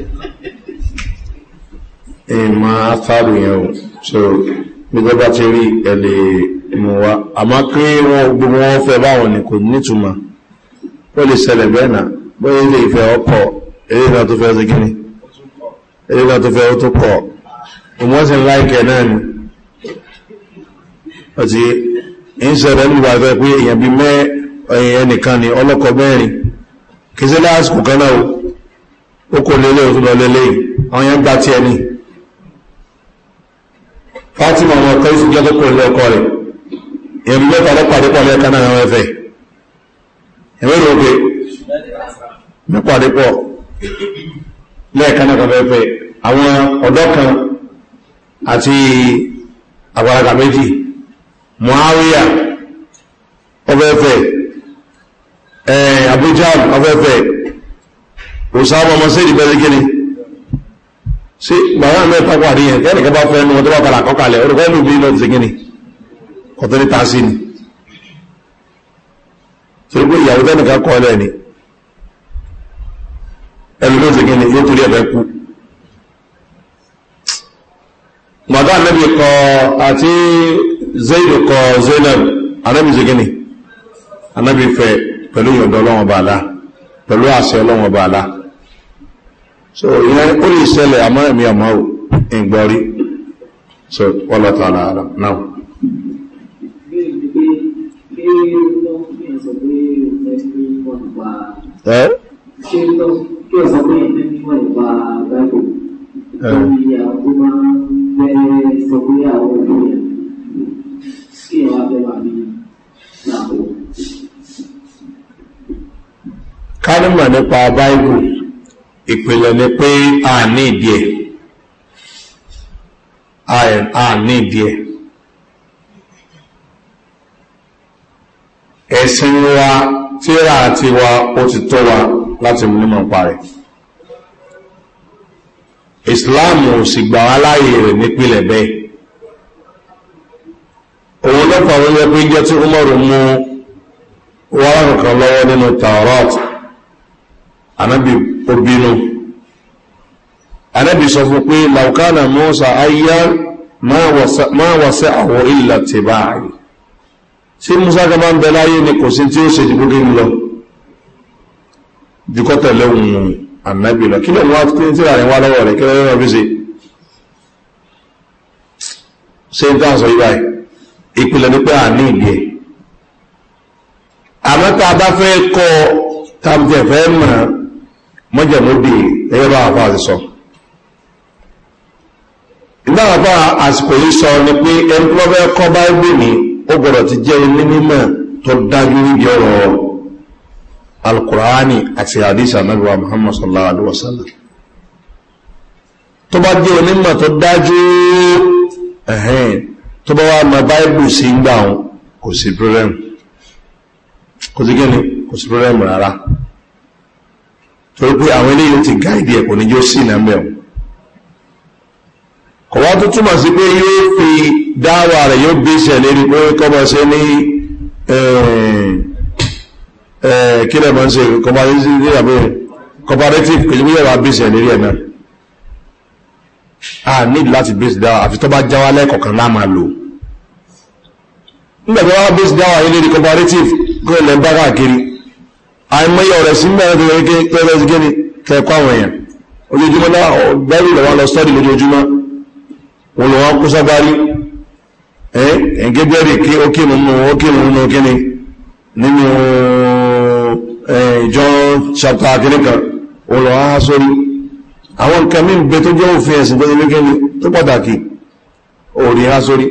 ìmọ̀ afárò yẹn o so gbogbo bá ti rí ẹ̀lẹ̀ mú wa àmọ́ kí wọ́n gbogbo wọn fẹ́ báwọn ni kò nítumọ̀ ó lè ṣẹlẹ̀ bẹ́ẹ̀ náà bóyá ilé ìfẹ́ ọkọ̀ èyí náà tó fẹ́ ṣe kí ni èyí náà tó fẹ́ ó tó pọ̀ ìmọ̀sìn láìkẹ̀ náà ni àti ń ṣẹlẹ̀ nígbà fẹ́ pé èèyàn bíi mẹ́ ẹ̀yìn ẹnìkan ni ọlọ́kọ̀ mẹ́rin kì í ṣe lásìkò kan náà o kò lélẹ̀ òtún lọ lélẹ̀ àwọn yẹn gbá tiẹ̀ ni fatima ọmọ ọkọ yusuf jẹ́ kókó ilé ọkọ rẹ̀ èmi mẹ́ta lọ́pàá dípọ̀ lẹ́ẹ̀kan náà wọ́n fẹ́ ẹ̀mí rò pé mẹ́pàá dípọ̀ lẹ́ẹ̀kan náà wọ́n fẹ́ àwọn ọ̀dọ́ kan àti àgbàlagbà méjì muawiya ọfẹ́fẹ́ ẹ̀ abuja ọfẹ́fẹ́ òsàbọ̀ ọmọ sí ìdíbẹ̀rẹ̀ gíní ṣe gbàrá mẹ́ta pàdé yẹn tẹ́nì kan bá fẹ́ ẹnu wọn tó bá padà kọ́kàlẹ̀ orúkọ ìlú bí lọ́dún ṣégin ni ọ̀tọ́ ní tàṣí ni torí pé ìyàwó tẹ́nì kan kọ́ ẹlẹ́ni ẹnu ló ṣégin ni yóò torí ẹ̀fẹ́ kú màdá anábì kọ àti so ìyẹn ó lè ṣẹlẹ̀ àmọ́ ẹ̀mí àmọ́ ò ń gbọ́rí so wọ́n lọ tọ́ ara rẹ̀ náà. ẹ. ṣé kí ọ̀sán pé ẹ̀mí wọ̀ nípa gbàgbọ́ lórí àwọn tó máa ń fẹ́ sọ pé àwọn òbí rẹ̀ kí ẹ̀ wá bẹ́ẹ̀ wà ní ìlànà. ká ní mọ̀ nípa báíbù ìpìlẹ̀ ni pé a ní ìdí ẹ̀ a ní ìdí ẹ̀ ẹ̀sìn wa tíra àti wa ó ti tó wa láti mú nímọ̀ parẹ̀ ìsìláàmù ò sì gbà wá láàyè rẹ̀ nípìlẹ̀ bẹ́ẹ̀ òun lọ́pàá wọn yẹ pé jẹ́ tí ó mú wọ́n kan lọ́wọ́ nínú tààrọ́tì anábì ó bínú anábì sọ fún pé laukana musa ayá máa wàṣẹ àwọ ilà ti báyìí sí musa gaba ń bẹ láyé ni kò sí tí ó ṣe dìbò gẹ́gẹ́ lọ jukọ́ tẹ̀lé òun anábì lọ kí ló wá tí ń tíra rẹ̀ wá lọ́wọ́ rẹ̀ kí lọ́wọ́ rẹ̀ fi ṣe ṣe ń dáhùn sọ yí báyìí ìpìlẹ̀ ni pé àní ìdí ẹ̀ àmọ́ tá a bá fẹ́ kọ́ tá a mọ̀ mọ́jẹ̀módì ẹgbẹ́ bá àfáà ti sọ ìdáàbá àsìkò yìí sọ ni pé ẹni tó bá kọ́ báíbù ni ó gbọ́dọ̀ ti jẹ́ ilé mímọ̀ tó dájú níbi ọ̀rọ̀ alukur'ani àti hadith anabiwa muhammad sallallahu alaihi wa sallam tó bá jẹ́ onímọ̀ tó dájú ẹ̀hẹ́n tó bá wá mọ báíbù sí gbà wọn kò sí pírẹ́mù kò sí gẹ́ni kò sí pírẹ́mù rárá torí pé àwọn eléyìí ti gáìdì ẹ̀kọ́ ní yóò sì náà mẹ́wọ̀n kọ̀wá tó túmọ̀ sí pé yóò fi dáwà rẹ̀ yóò gbéṣẹ̀ lérí pé kọ́mọ ṣe ní eh, eh, kílẹ̀ mọ́ ṣe cooperative kìí wíyẹ̀ wá gbéṣẹ̀ lérí ẹ̀ náà a ní láti gbéṣẹ̀ dáwà àfi tó bá jáwá lẹ́kọ̀ọ̀kan láà máa lò nígbàgbọ́ wá gbéṣẹ̀ dáwà yìí lérí cooperative kó lẹ́ bá káàkiri àìmọye ọ̀rẹ́ sí mẹ́rin tó yẹ kẹ́kẹ́ sí gẹ́ni kẹ́kọ́ àwọn èèyàn ojoojúmọ́ náà bẹ́rù lọ́wọ́ lọ sọ́ọ̀dì lójoojúmọ́ wọn lọ wọn kú sọ́gbárí ẹ ẹ̀ǹkẹ́ bẹ́rẹ̀ kí ó kí nínú ó kí nínú kíni nínú ìjọ ṣàpá kíní kan wọn lọ wá sórí àwọn nǹkan mí gbé tó jẹ́ òfin ẹ̀sìn tó yẹ kíni tó pàtàkì òòrì há sórí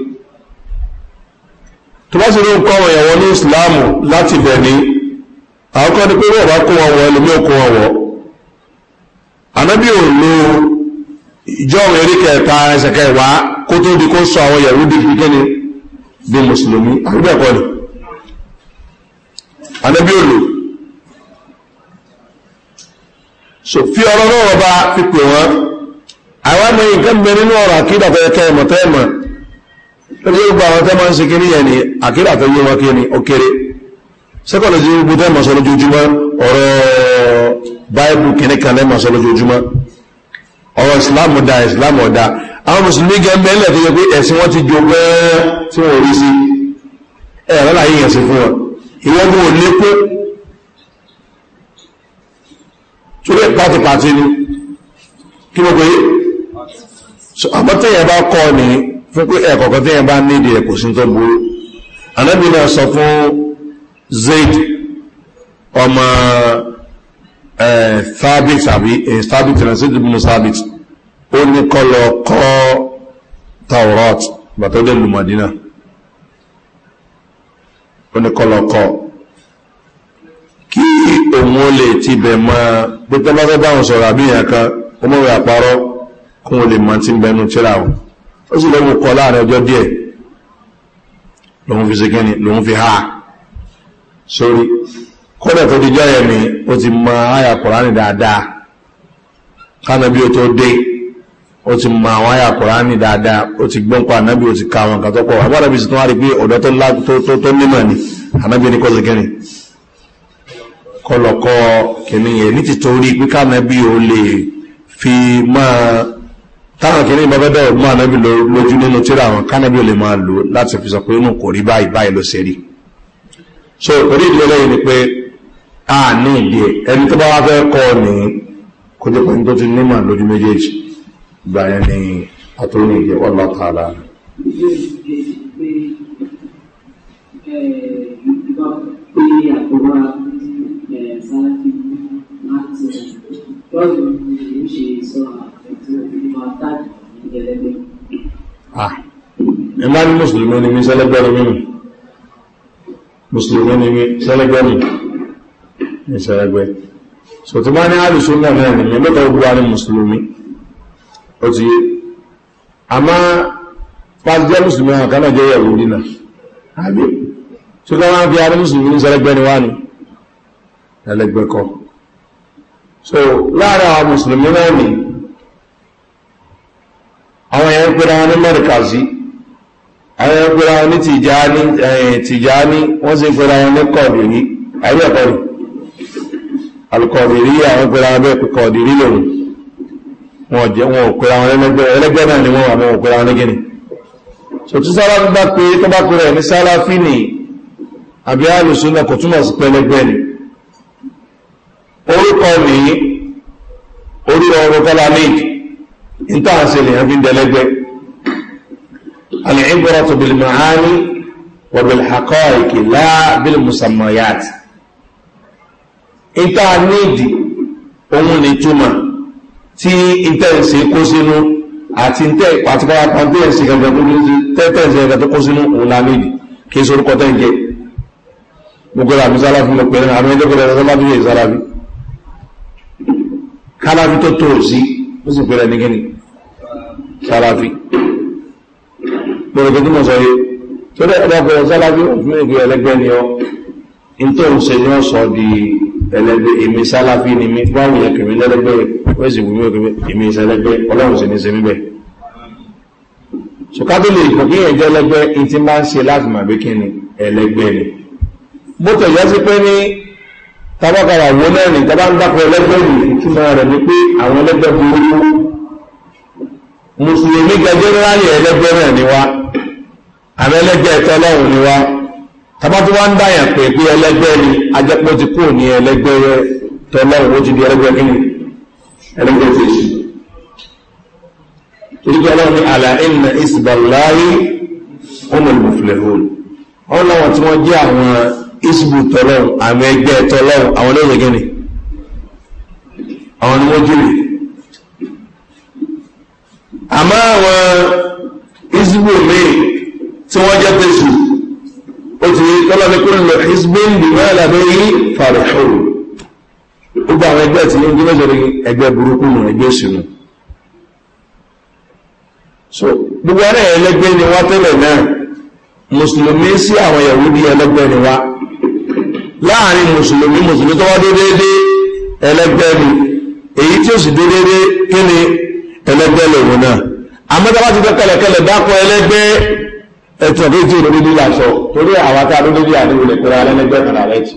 tó bá sì rí nǹkan àwọn èèyàn ní ìsìláàmù láti bẹ̀ ní àwọn kan ní pé wọ́n bá kó wọn wọ ẹlòmíì kó wọn wọ ànábì ò lo ìjọba eré kẹta ẹsẹ̀ kẹwà kó tó di kó sọ àwọn yẹ̀wù di fi kéne di mùsùlùmí àgbẹ̀ kọ́ ni ànábì ò lò so fi ọ̀rọ̀ náà wọ́n bá fi pè wọ́n àwọn àmọ́ nǹkan bẹ nínú ọ̀rọ̀ àkídà fẹ́ kẹ́ ẹ̀mọ̀ tẹ́ ẹ̀mọ̀ lórí gbogbo àwọn tẹ́ ń ṣe kí nìyẹn ni àkídà fẹ́ yé wọn kí ni ó kéré sẹ́kọ̀lẹ̀ jẹ́ gbogbo tẹ́ mọ̀sọ́ lójoojúmọ́ ọ̀rọ̀ báìbù kìíní kan lẹ́ mọ̀sọ́ lójoojúmọ́ ọ̀rọ̀ islam da islam ọ̀dá àwọn mùsùlùmí gẹ́ mẹ́lẹ̀ tó yẹ pé ẹ̀sìn wọn ti jogẹ́ tí wọ́n rí sí ẹ̀rọ láyé yẹn sí fún wọn ìwọ́n mú òun lékó torí pàtì pàtì ni kí wọ́n pé àmọ́ tẹ́yẹ bá kọ́ ni fún pé ẹ̀kọ̀ọ̀kan tẹ́yẹ bá nídìí ẹ̀kọ́ sí tó burú ànábì zaid ọmọ thabit àbí thabit rasid ibn thabit ó ní kọ́ lọ kọ́ taurat bàtọ́dẹ̀ lumadina ó ní kọ́ lọ kọ́ kí òun ó lè ti bẹ̀ máa pípẹ́ bá fẹ́ báwọn sọ̀rọ̀ àbíyàn kan ó mọ̀ wẹ̀ àparọ́ kún ó lè mọ̀ tí bẹnu tíra wọn ó sì lọ́wọ́ kọ́ láàrin ọjọ́ díẹ̀ lòun fi ṣe kẹ́ni lòun fi háà sórí kódà tó dijọ́ yẹn ni ó ti mọ àyà kùránì dáadáa kánábí ó tó dé ó ti mọ àwọn àyà kùránì dáadáa ó ti gbọ́n pa ànábì ó ti ka àwọn nǹkan tó pọ̀ àbúrò àbí tuntun wá rí pé ọ̀dọ́ tó ńlá tó tó nímọ̀ ni ànábì ní kọ́sì kínní kọlọ̀kọ́ kìnní yẹn ní títorí pé kánábí ó lè fi máa táwọn kìnní bá bẹ́ẹ̀ bẹ́ẹ̀ mú ànábì lójú nínú tíra àwọn kánábì ó lè máa lò láti fi sọ pé inú kò rí báyìí báyìí ló rí so orí ìdí ẹlẹ́yìn ni pé a ní ìdí ẹ ẹni tó bá wá fẹ́ kọ́ ní kójú pẹ̀lú tó ti nímọ̀ lójú méjèèjì ìgbà yẹn ni a tó ní ìdí wọ́n lọ́ta ara Ah, ẹ máa ní mùsùlùmí ni mi sẹ́lẹ̀ bẹ́ẹ̀ lómi mùsùlùmí ni mi sẹ́lẹ́gbẹ́ mi ní sẹ́lẹ́gbẹ́ so tó bá ní àlùsùn náà náà ni mi mẹ́ta ogun wa ní mùsùlùmí ó ti yé àmá pàtàkì mùsùlùmí àwọn kan náà jẹ́ yẹ̀wò nínà àbí tó ká fi arí mùsùlùmí ní sẹ́lẹ́gbẹ́ ni wá ni ẹlẹ́gbẹ́ kọ́ so láàárín àwọn mùsùlùmí náà ni àwọn èèyàn pẹ̀lú àwọn ní mẹ́ríkà sí àwọn ẹgbẹ́ra wọn ní tìjáni eh, wọ́n sì gbẹ́ra wọn ní kọ̀dìrí ayé ẹ̀kọ́rì alùkọ̀dìrí àwọn ẹgbẹ́ra wọn bẹ́ẹ̀ kọ̀dìrí lòun wọn jẹ́ wọn ò pẹ́ra wọn ẹlẹ́gbẹ́ náà ni wọ́n wà wọn ò wọn gíní so tí sáláfí bá pé tó bá pẹ́ra ẹ̀ ní sáláfí ni àbí alùsùnà kò túmọ̀ sí pẹ́lẹ́gbẹ́ ni orúkọ mi orí ọrùn kọ́lá ní ìtàn àṣẹ lèèyàn fi ń dẹlẹ́gbẹ́ العبرة بالمعاني وبالحقائق لا بالمسميات ìta nídì òun ni túmọ̀ tí ìtẹ́ǹsì kó sínú àti ìtẹ́ ìpàtíkọ́lápá tẹ́ǹsì gẹ̀gẹ̀ tó ní tẹ́tẹ́ǹsì gẹ̀gẹ̀ tó kó sínú òun la nídì kí é sórúkọ tẹ́ǹjẹ́ gbogbo àmì sálábí lọ pẹ̀lú àmì ẹjọ́ pẹ̀lú sálábí yẹ sálábí kálábí tó tó sí ó sì pẹ̀lú ẹni gẹ́ni sálábí gbọ́dọ̀gbẹ́ tí mo sọ yìí tó dẹ̀ ọlọ́pẹ̀rẹ̀ sálábí òfin èdè ẹlẹ́gbẹ́ ni ọ in tó ń se ní ọ̀sọ̀ di ẹlẹ́gbẹ́ èmi sálábí ni mi báwọn yẹn kìrì lẹ́lẹ́gbẹ́ ó sì wù mí òkè èmi sẹlẹ́gbẹ́ ọlọ́run sì ní se níbẹ̀ so kátólì ìpò jẹ́ ẹlẹ́gbẹ́ in ti máa ń se láti mà bí kí ni ẹlẹ́gbẹ́ ni bó tẹ̀ yẹ sí pé ní tabakara wo náà tabá ń dákọ̀ ẹlẹ́gbẹ́ ni ìtumọ̀ rẹ̀ ni pé àwọn ẹlẹ́gbẹ́ burúkú mùsùlùmí gẹgẹ́ ńlá yẹn ẹlẹ́gbẹ́ náà ni wá àwọn ẹlẹgbẹ́ ẹ̀tọ́ Ọlọ́run ni wá tabatu wa ń dáyàn pé pé ẹlẹgbẹ́ ni ajẹpọ ti kúrò ní ẹlẹgbẹ́ tọlọ́run ó ti di ẹlẹgbẹ́ kí ni ẹlẹgbẹ́ kejì torí pé Ọlọ́run ní àlà ìnà ìsìbàláyé ọmọ ìmùfìlẹhùn Ọlọ́run tí wọn jẹ àwọn ìsìbù tọlọ́run àwọn ẹgbẹ́ tọlọ́run àwọn lóye kí ni àwọn ni wọn jùlọ àmọ́ àwọn ìsìbù míì tí wọ́n jẹ́ pèsè ó ti tọ́lá ní kó lọ hisbin bimala lórí farahun ó gba àwọn ẹgbẹ́ tí ní ojú mẹ́jọ ní ẹgbẹ́ burúkú nù ẹgbẹ́ òṣìnà so gbogbo ara ẹlẹgbẹ́ ni wá tẹ́lẹ̀ náà mùsùlùmí sí àwọn yahudi ẹlẹgbẹ́ ni wá láàrin mùsùlùmí mùsùlùmí tó wá dé déédéé ẹlẹgbẹ́ ni èyí tí ó sì dé déédéé kí ni ẹlẹgbẹ́ lòun náà àmọ́tàbá ti tẹ́kẹ̀lẹ̀kẹ̀lẹ̀ dákọ̀ ẹlẹgbẹ́ ẹ̀tọ́ méjì olóbíbí làṣọ torí àwọn tá olóbíbí àdúgbò lè pẹ́ra lẹ́lẹ́gbẹ́ kan ààrẹ jì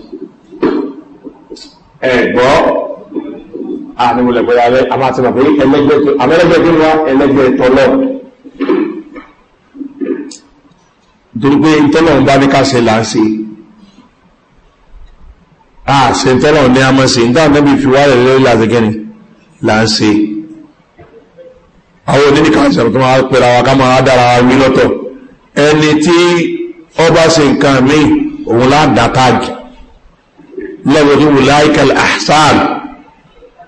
ẹ̀gbọ́ àdúgbò lè pẹ́ra rẹ a máa ti mọ̀ pé ẹlẹ́gbẹ́ tó amẹ́lẹ́gbẹ́ tó wá ẹlẹ́gbẹ́ tọ́lọ̀ torí pé tọ́lọ̀ ń bá ní ká ṣe là ń ṣe a ṣe tọ́lọ̀ ní a mọ̀ ṣe ń níbi fi wáyé lórí làṣẹgẹ́ni là ń ṣe àwọn oníníkà ìṣẹ̀lẹ̀ tó máa pẹ̀lú àwọn akámọ́ adára wí lọ́tọ̀ọ́ ẹni tí ọba ṣe nǹkan mi òun láàdá táàgì lẹ́gbẹ̀ẹ́ tí wùláìkàl ahsan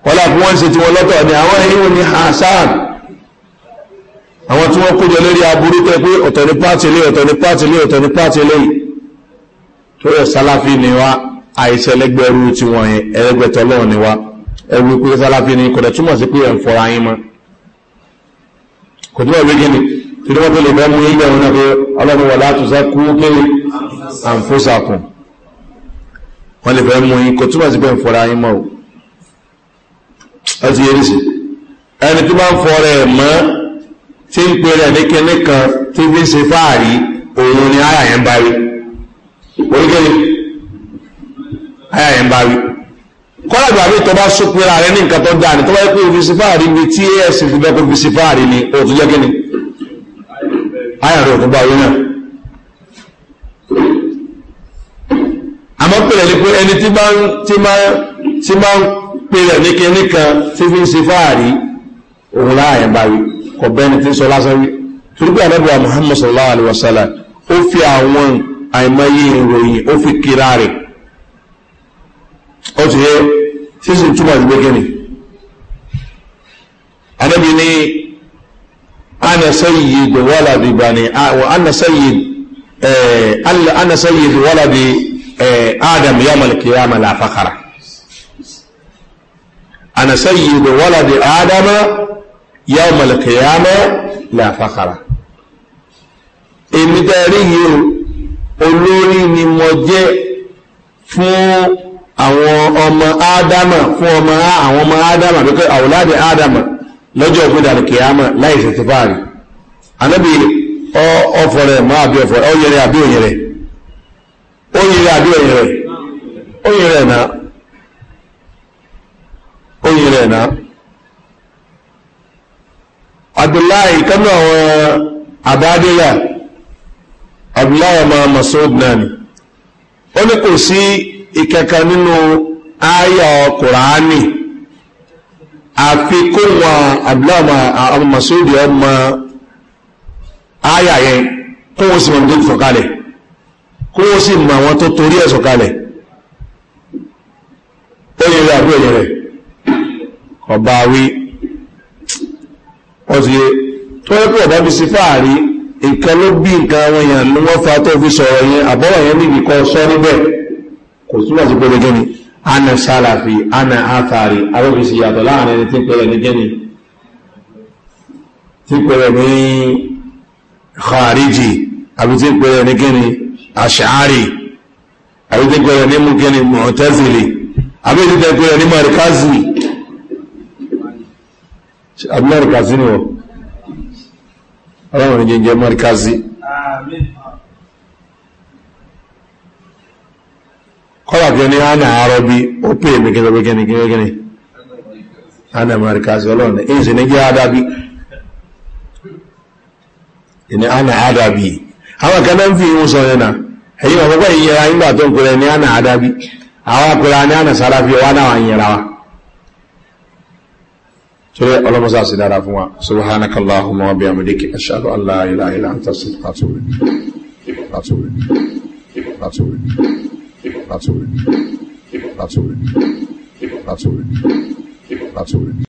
wọ́n láti wọ́n ṣe tí wọ́n lọ́tọ̀ ni àwọn ẹni wọ́n ni ahsan àwọn tí wọ́n kójọ lórí aburú tẹ́ pé ọ̀tọ̀ ní pàtí ọ̀tọ̀ ní pàtí ọ̀tọ̀ ní pàtí tó yẹ sálàfí ni wá àìsẹ̀ ẹlẹ́gbẹ̀rú tí wọ́n yẹn ẹlẹ́gbẹ̀tọ̀ lọ́wọ́ ni wá ẹwú pé sálàfí ni kò dẹ̀ túmọ̀ sí pé ẹ̀ ń fọra yín mọ́ kò túmọ̀ wí gíní torí wọ́n tó lè fẹ́ mú ilẹ̀ òun náà pé ọlọ́run wà látúnṣe kú kéré àǹfóṣàkùn wọ́n lè fẹ́ mú yín kò túmọ̀ sí pé ń fọra yín mọ́ o ọtí yẹn sí ẹni tó bá ń fọra ẹ̀ mọ́ tí ń pèrè ẹ̀ ní kíní kan tí fi ń ṣe fáàrí òun ni àyà yẹn bá rí oníkẹ́ni àyà yẹn bá rí kọ́lá ìgbà mi tó sópin ara rẹ ní nǹkan tó dáa ni tó yẹ kó fi ṣe fáàrí ni tí afc bẹ́ẹ̀ kó fi ṣe fáàrí ni òtún jẹ́ kíni ayàrá òkú bá oyún náà àmọ́ pèlè ní pé ẹni tí máa ń tí máa tí máa ń pèlè ní kíní kan tí fi ń ṣe fáàrí òun láàyàn bá wí kò bẹ́ni tí ń sọ lásán wí turbi anabi wa muhammad sallallahu alaihi wasallam ó fi àwọn àìmọye ìròyìn ó fi kíra rẹ̀ ó ti yẹ sísìn túmọ̀ ìgbé kíni anabi ní ana sayyid wala bi bani wa ana sayyid eh ana sayyid wala bi eh adam yawm al qiyamah la fakhara ana sayyid wala bi adam yawm al qiyamah la fakhara èmi dari yìí olórí ni mo jẹ́ fún àwọn ọmọ ádámà fún ọmọ àwọn ọmọ ádámà bí pé àwòládì ádámà lọ́jọ́ ògbéda ní kìyàmà láì ṣe ti fáàrí anábì ọ̀fọ̀ rẹ̀ máa bí ọ̀fọ̀ rẹ̀ ọ̀yẹrẹ àbí òyẹrẹ òyẹrẹ àbí òyẹrẹ òyẹrẹ náà òyẹrẹ náà abdullahi kánú àwọn àbádéyà abdullahi ọmọ masoud náà ni ó ní kò sí ìkẹkẹ nínú àyà ọkùnrin àfi kó wọn àbúláwà àwọn masóòdì ọmọ ayà yẹn kó wọ́n sì mọ̀ tó fọ̀kalẹ̀ kó wọ́n sì mọ̀ àwọn tó torí ẹ̀ sọ̀kalẹ̀ ó yẹ rẹ̀ àbúrò yẹ rẹ̀ ọba wí wọ́n ti yé tó yẹ kó ọba bí sí fáàrí nǹkan ló bí nǹkan àwọn èèyàn ni wọ́n fa tó fi sọ̀rọ̀ yẹn àbọ̀wọ̀ yẹn níbi kan sọ níbẹ̀ kò túmọ̀ sí pé gẹ́gẹ́ ni ana sálàfì ana àtàrí arọ́bìsì yàtọ̀ láàrin ẹni tí pẹ̀lẹ̀ ní gẹ́ni tí pẹ̀lẹ̀ ní khariji àbí tí pẹ̀lẹ̀ ní gẹ́ni ash'ari àbí tí pẹ̀lẹ̀ ní mú gẹ́ni mu'tazili àbí tí pẹ̀lẹ̀ ní markazi àbí markazi ni wọ́n ọlọ́run jẹ́ markazi. kọ́lá tí ó ní ánà àárọ̀ bí ó pè mí kí lọ́gbẹ́ gẹ́ni gẹ́ni gẹ́ni ánà marikasi ọlọ́run èyí sì ní jẹ́ àdábí ìní ánà àdábí àwọn kan náà ń fi ìhun sọ yẹn náà ẹ̀yìn wọn pẹ́pẹ́ ìyẹra nígbà tó ń pèrè ní ánà àdábí àwọn apẹ̀rẹ̀ ní ánà sáráfí ọwá náà ìyẹra wa torí ọlọ́mọsá sí dára fún wa subhanakallahumma wa bihamdika ashhadu an la ilaha illa anta astaghfiruka wa atubu ilayk Azul. Azul. Azul. Azul.